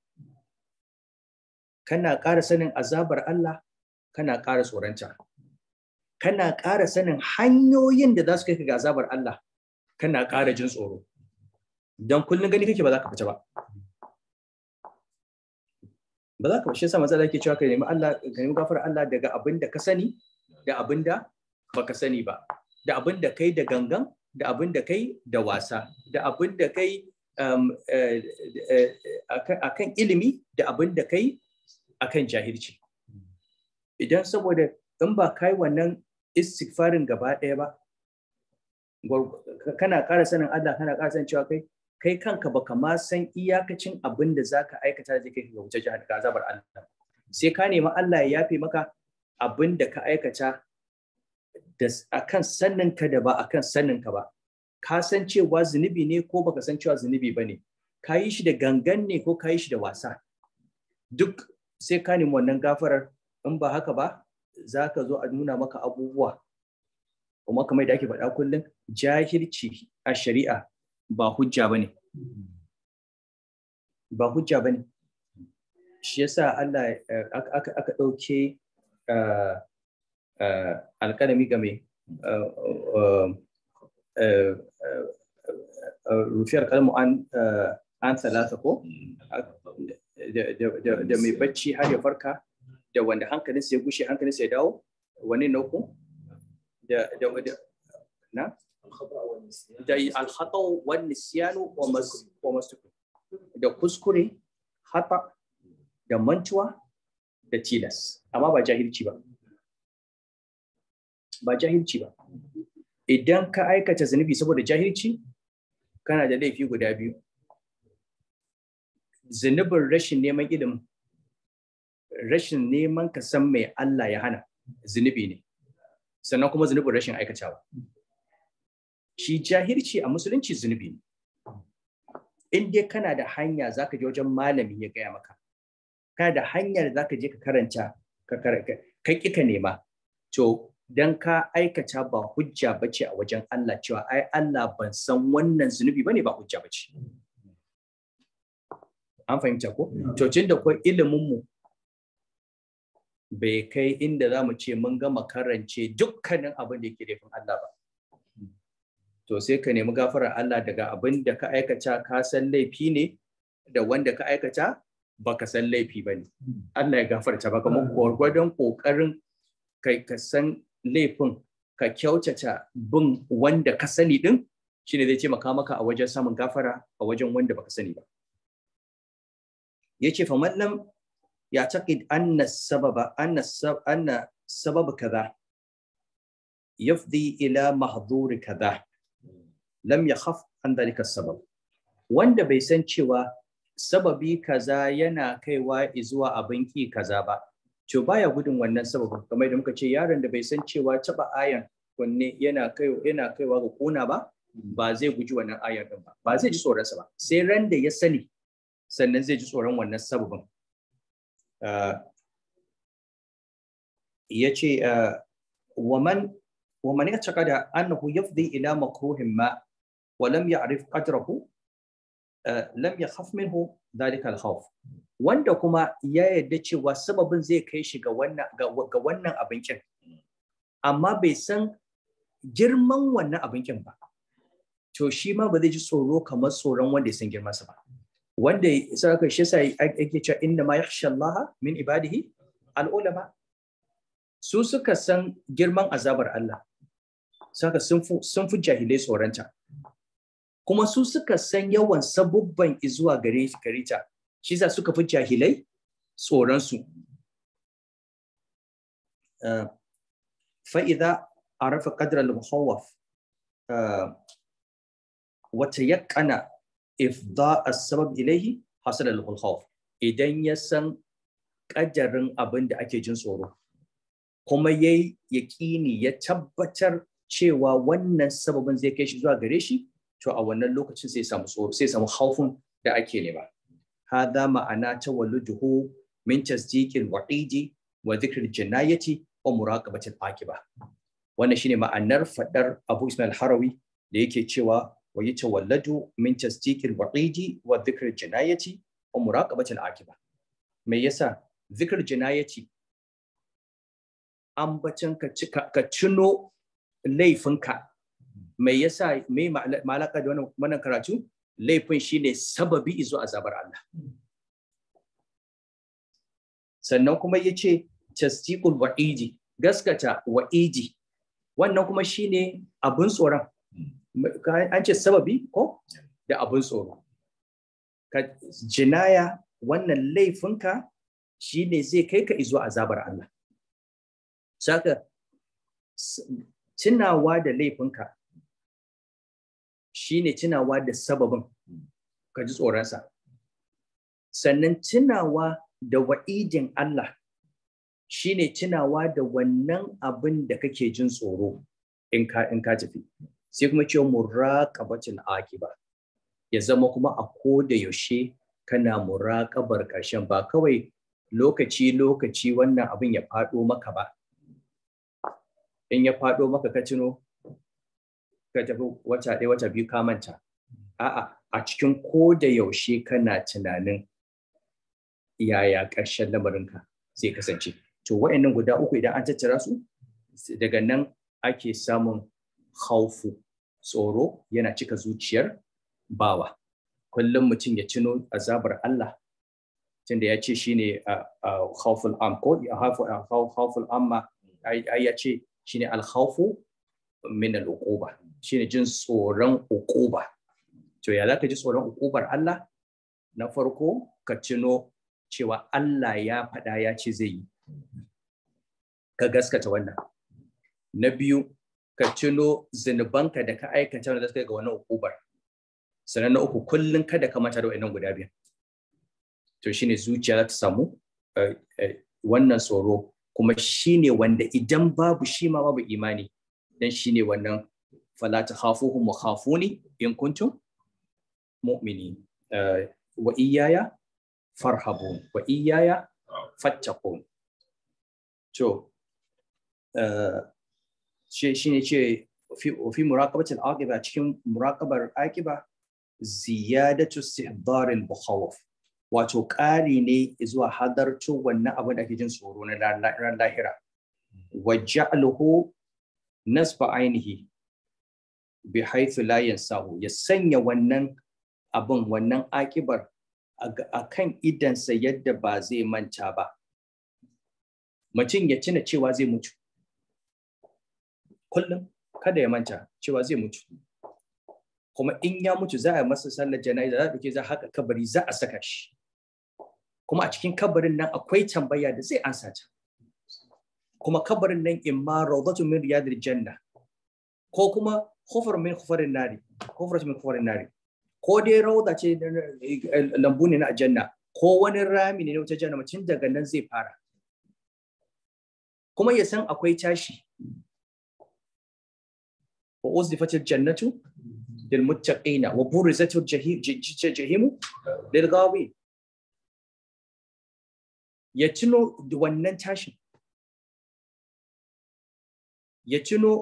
Kana ƙara sanin azabar Allah, kana ƙara tsoronta. Kana ƙara sanin hanyoyin da za su kai ka ga azabar Allah, kana ƙara jin tsoro. Don kullum gani kake ba za ka fita ba. ba za ka shi yasa matsala ke cewa ka nemi Allah ka nemi gafarar Allah daga abin da ka sani da abin da baka sani ba da abin da kai da gangan da abin da kai da wasa da abin da kai um, eh, eh, eh, akan ilimi da abin da kai akan jahilci idan saboda in ba kai wannan istighfarin gaba ɗaya ba kana ƙara sanin Allah kana ƙara sanin cewa kai kai kanka baka ma san iyakacin abin da zaka aikata da zai kai ga wuce jihar gazabar Allah sai ka nemi Allah ya yafe maka abin da ka aikata da akan sannin ka da ba akan sannin ka ba ka san cewa zunubi ne ko baka san cewa zunubi bane ka yi shi da gangan ne ko ka yi shi da wasa duk sai ka nemi wannan gafarar in ba haka ba za ka zo a nuna maka abubuwa kuma kamar da ake faɗa kullum jahilci a shari'a ba hujja ba ne ba hujja ba ne shi yasa Allah aka ɗauke alƙalami ga mai rufiyar kalmu an salasa ko da mai bacci har ya farka da wanda hankalinsa ya gushe hankalinsa ya dawo wani na uku da na da alhata wani siyano wa mastukun da kuskure hata da mantuwa da tilas amma ba jahilci ba ba jahilci ba idan ka aikata zunubi saboda jahilci kana da laifi guda biyu zunubin rashin neman ilimi rashin neman ka san mai Allah ya hana zunubi ne sannan kuma zunubin rashin aikatawa shi jahilci a musulunci zunubi ne in dai kana da hanya ka je wajen malami ya gaya maka kana da hanya hanyar ka je ka karanta ka ka ka nema to don ka aikata ba hujja ce a wajen Allah cewa ai Allah ban san wannan zunubi ba ne ba hujja ba ce. an fahimta ko to tunda ko ilimin mu bai kai inda za mu ce mun gama karance dukkanin abin da yake laifin Allah ba to sai ka nemi gafarar Allah daga abin da ka aikata ka san laifi ne da wanda ka aikata baka san laifi ba ne. Allah ya gafarta baka mu gwargwadon kokarin kai ka san laifin ka kyautata bin wanda ka sani din shine zai ce maka maka a wajen samun gafara a wajen wanda baka sani ba. Yace fa mallam ya taqid anna sababa anna anna sabab kaza yafdi ila mahdhur kaza lam yakhaf an dalika sabab wanda bai san cewa sababi kaza yana kaiwa zuwa abin ki kaza ba to baya gudun wannan sababin kamar da muka ce yaron da bai san cewa taba ayan kunne yana kai yana kaiwa ga kona ba ba zai guji wannan ayan din ba ba zai ji tsoron sa ba sai ran da ya sani sannan zai ji tsoron wannan sababin ah, ya ce ah, waman waman ya da annahu yafdi ila makruhin ma ولم يعرف قدره lam يخف منه ذلك الخوف wanda kuma ya yarda cewa sababin zai kai shi ga wannan ga wannan abincin amma bai san girman wannan abincin ba to shi ma ba zai ji tsoro kamar tsoron wanda ya san girman sa ba wanda saka shi sai ake cewa inna ma yakhsha Allah min ibadihi al-ulama su suka san girman azabar Allah saka sun fi jahilai tsoranta kuma su suka san yawan sabubban izuwa gare gare ta shi za suka fi jahilai tsoronsu eh, fa'iza a rafa ƙadar al-muhawaf eh, wata yakana ifda a sabab ilaihi hasal al-khawf idan ya san ƙadarin abin da ake jin tsoro kuma ya yi yaƙini ya tabbatar cewa wannan sababin zai kai shi zuwa gare shi to a wannan lokacin sai samu sai samu haufin da ake nema hadha ma'ana tawalluduhu min tasdiqil wa'idi wa dhikr jinayati wa muraqabatil aqiba wannan shine ma'anar fadar Abu Ismail Harawi da yake cewa wa yatawalladu min tasdiqil wa'idi wa dhikr jinayati wa muraqabatil aqiba me yasa dhikr jinayati ambacin ka cika ka cino laifinka me yasa me malaka da wannan karatu laifin shine sababi izo azabar Allah sannan kuma yace tasdiqul wa'idi gaskata wa'idi wannan kuma shine abun tsoron an ce sababi ko da abun tsoro jinaya wannan laifinka shine zai kai ka izo azabar Allah saka tunawa da laifinka shine tunawa da sababin ka ji tsoronsa sannan tunawa da wa'idin Allah shine tunawa da wannan abin da kake jin tsoro in ka in ka tafi sai kuma cewa muraqabatul akiba ya zama kuma a ko da yaushe kana muraqabar ƙarshen ba kawai lokaci lokaci wannan abin ya faɗo maka ba in ya faɗo maka ka tuno ka tafi wata ɗaya wata biyu ka manta a'a a cikin ko da yaushe kana tunanin yaya ƙarshen lamarinka zai kasance to wa'annan guda uku idan an tattara su daga nan ake samun haufu tsoro yana cika zuciyar bawa kullum mutum ya cino azabar Allah tunda ya ce shine hauful am ko hauful amma ya ce ne alhaufu min al'uquba Shi ne jin tsoron ukuba to ya zaka ji tsoron ukubar Allah na farko ka cino cewa Allah ya faɗa ya ce zai yi ka gaskata wannan na biyu ka cino zunubanka da ka aikata wanda zaka ga wannan ukubar sannan na uku kullun kada ka mata da wannan guda biyar. to shi ne zuciya za ta samu eh, eh, wannan tsoro kuma shi ne wanda idan babu shi ma babu imani dan ne wannan fala takhafuhum wa khafuni in kuntum mu'minin wa iyaya farhabun wa iyaya fattakun to shi ne ce fi muraqabatil aqiba cikin muraqabar aqiba ziyadatu istihdaril bukhawf wato ƙari ne zuwa hadarto wannan abin da ake jin tsoro na ran lahira wa ja'aluhu nasba ainihi bi haithu sahu ya sanya wannan abin wannan akibar a kan idansa yadda ba zai manta ba mutum ya cina cewa zai mutu kullum kada ya manta cewa zai mutu kuma in ya mutu za a masa sallar jana'iza za a ɗauke za haka kabari za a saka shi kuma a cikin kabarin nan akwai tambaya da zai ansa ta kuma kabarin nan imma rawdatu min riyadil janna ko kuma Kofar min khufurin nari khufur min khufurin nari ko dai rauda ce lambu ne na aljanna ko wani rami ne na wata jahannama tun daga nan zai fara kuma ya san akwai tashi wa uzdifatil jannatu lil muttaqina wa burizatil jahimu lil ghawi ya tuno wannan tashin ya tuno.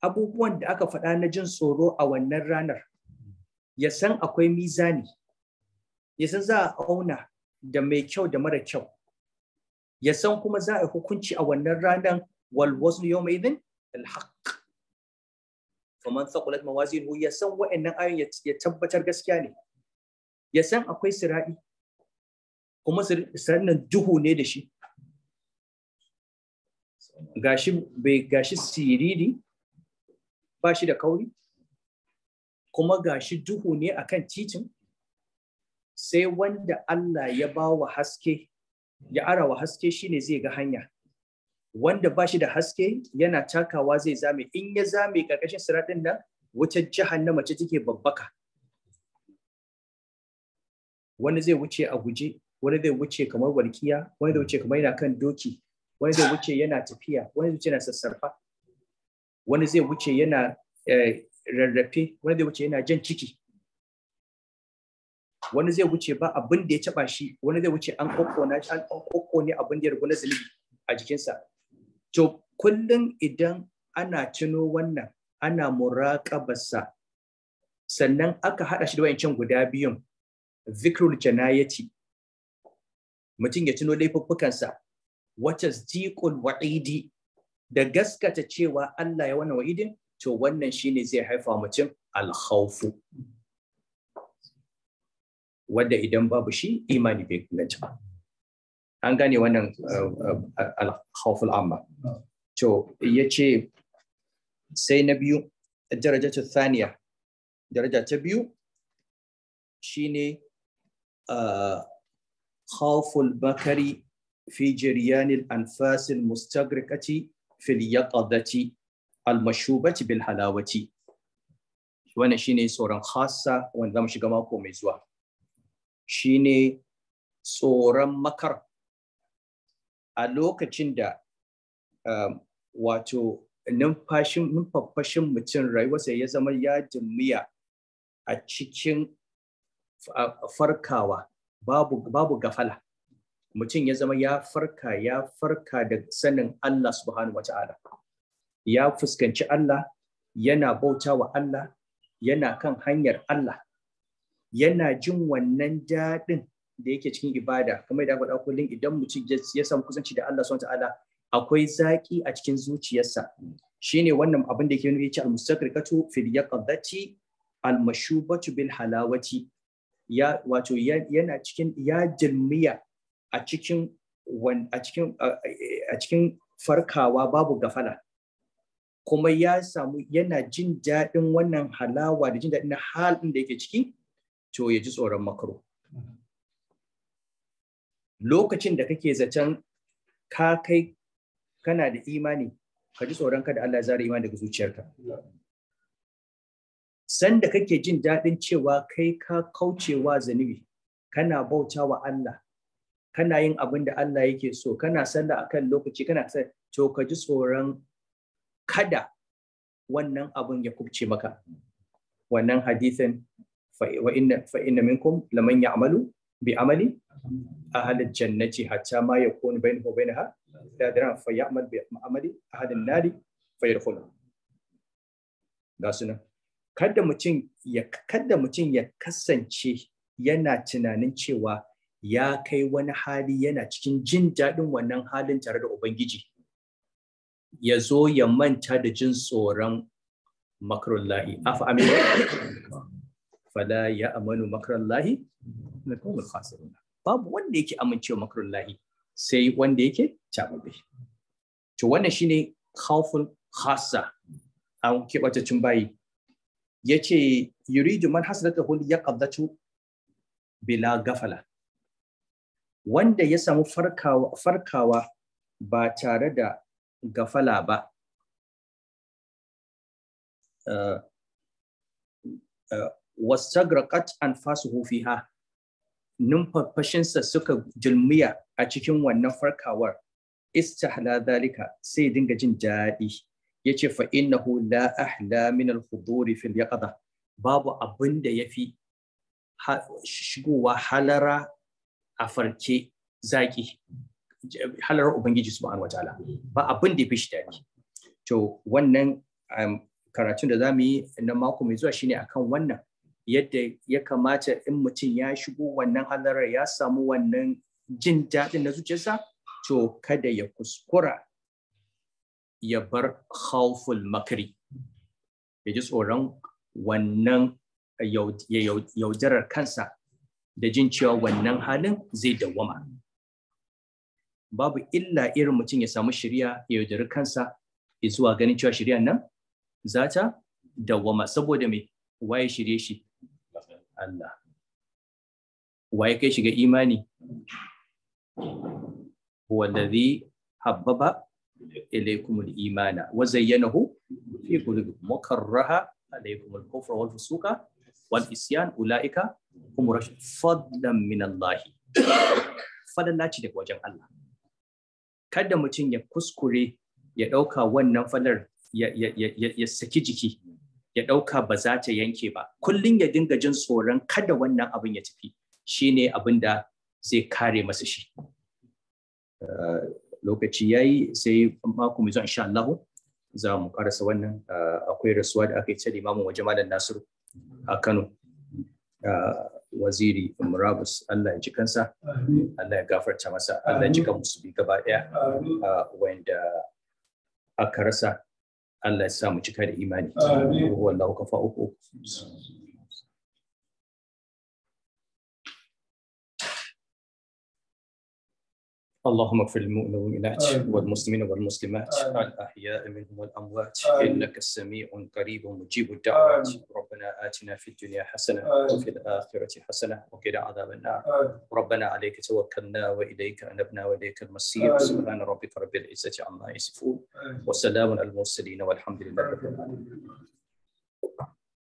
abubuwan da aka faɗa na jin tsoro a wannan ranar ya san akwai mizani ya san za a auna da mai kyau da mara kyau ya san kuma za a hukunci a wannan ranar wal wasu yau mai alhaq ya san wa'annan ayon ya tabbatar gaskiya ne ya san akwai sira'i kuma sira'i duhu ne da shi gashi bai gashi siriri ba shi da kauri kuma ga shi duhu ne akan titin sai wanda Allah ya ba wa haske ya ara wa haske shine zai ga hanya wanda ba shi da haske yana takawa zai zame in ya zame karkashin siratin nan wutar jahannama ce take babbaka wani zai wuce a guje wani zai wuce kamar walkiya wani zai wuce kamar yana kan doki wani zai wuce yana tafiya wani zai wuce yana sassarfa wani zai wuce yana eh, rarrafe wani zai wuce yana jan ciki wani zai wuce ba abin da ya taba shi wani zai wuce an shi an kokkone abin da ya na zulubi a jikinsa to kullum idan ana tuno wannan ana muraƙabarsa sannan aka haɗa shi da wayancan guda biyun zikrul janayati mutum ya tuno laifuffukansa wata zikul wa'idi da gaskata cewa Allah ya wannan wa'idin to wannan shine zai haifa mutum alkhawfu wanda idan babu shi imani bai inganta ba an gane wannan uh, uh, alkhawful amma to ce sai na biyu darajatu thaniya daraja ta biyu shine uh, khawful bakari fi jiryanil anfasil mustagrikati fil yaqadati al mashubati bil halawati wannan shine tsoron hassa wanda zamu shiga mako mai zuwa shine tsoron makar a lokacin da um, wato numfashin numfafashin mutum rayuwarsa ya zama ya miya a cikin farkawa babu, babu gafala mutum ya zama ya farka ya farka da sanin Allah subhanahu wa ta'ala ya fuskanci Allah yana bauta wa Allah yana kan hanyar Allah yana jin wannan daɗin da yake cikin ibada kuma da faɗa kullum idan mutum ya samu kusanci da Allah subhanahu wa ta'ala akwai zaki a cikin zuciyarsa shine wannan abin da yake nuna yace al-mustakrikatu fil yaqdati al-mashubatu bil halawati ya wato yana cikin ya jilmiya a cikin a cikin farkawa babu gafala kuma ya samu yana jin daɗin wannan halawa da jin daɗin halin da yake ciki to ya ji tsoron makaro lokacin da kake zaton ka kai kana da imani ka ji tsoron ka da Allah zara imani daga zuciyarka sanda kake jin daɗin cewa kai ka kaucewa zanubi kana bauta wa Allah kana yin abin da Allah yake so kana sallah akan lokaci kana sai to ka ji tsoron kada wannan abin ya kubce maka wannan hadisin wa inna fa inna minkum laman ya'malu bi amali ahal jannati hatta ma yakun bainahu bainaha dadran fa ya'mal bi amali ahal nari fa yadkhulu ga kada mutum ya kada mutum ya kasance yana tunanin cewa ya kai wani hali yana cikin jin daɗin wannan halin tare da Ubangiji, ya zo ya manta da jin tsoron Lahi Afa amina, fala ya amanu makarullahi na kawai khasiruna. Babu wanda yake amincewa Lahi, sai wanda yake tababe. To wannan ne kawfin hasa an keɓataccen bayi. Ya ce, Yuridu man da hul ya bila gafala. wanda ya samu farkawa, ba tare da gafala ba uh, eh, an eh, wastagraqat anfasuhu fiha numfashinsa suka jilmiya a cikin wannan farkawar istahla dalika sai dinga jin daɗi Ya fa innahu laahla ahla min al-huduri fil yaqada babu abin da yafi shigowa halara a farce zaki halar ubangiji subhanahu wataala ba abin da ya fi shi daɗi to wannan um, karatun da za mu yi na mako mai zuwa shine akan wannan yadda ya kamata in mutum ya shigo wannan halarar ya samu wannan jin daɗin na zuciyarsa to kada ya kuskura ya bar khawful makri ya ji tsoron wannan yaudarar kansa da jin cewa wannan halin zai dawwama babu illa irin mutum ya samu shirya ya yaudari kansa ya zuwa ganin cewa shiryan nan za ta dawwama saboda mai waye shirye shi Allah waye kai shiga imani zai habbaba ilaikumul imana wa zayyanahu fi qulubikum wa karraha alaykumul kufra wal fusuqa wal isyan ulaika hum fadlan min Allah fadlan ce daga wajen Allah kada mutum ya kuskure ya ɗauka wannan falar ya, ya, ya, ya saki jiki ya ɗauka ba za ta yanke ba kullum ya dinga jin tsoron kada wannan abin ya tafi shine abin da zai kare masa shi eh, lokaci yayi sai mako mai zuwa insha Allah za mu karasa wannan eh, akwai rasuwa da aka yi ta limamin wajen malam Nasiru a Kano waziri Murabus Allah ya ji kansa Allah ya gafarta masa Allah ya ji musu bi gaba daya wanda aka rasa Allah ya sa mu cika da imani wallahu kafa uku اللهم اغفر للمؤمنات والمسلمين والمسلمات الاحياء منهم والاموات انك سميع قريب مجيب الدعوات ربنا اتنا في الدنيا حسنه وفي الاخره حسنه وقنا عذاب النار ربنا عليك توكلنا واليك انبنا واليك المصير سبحان ربك رب العزه عما يصفون وسلام على المرسلين والحمد لله رب العالمين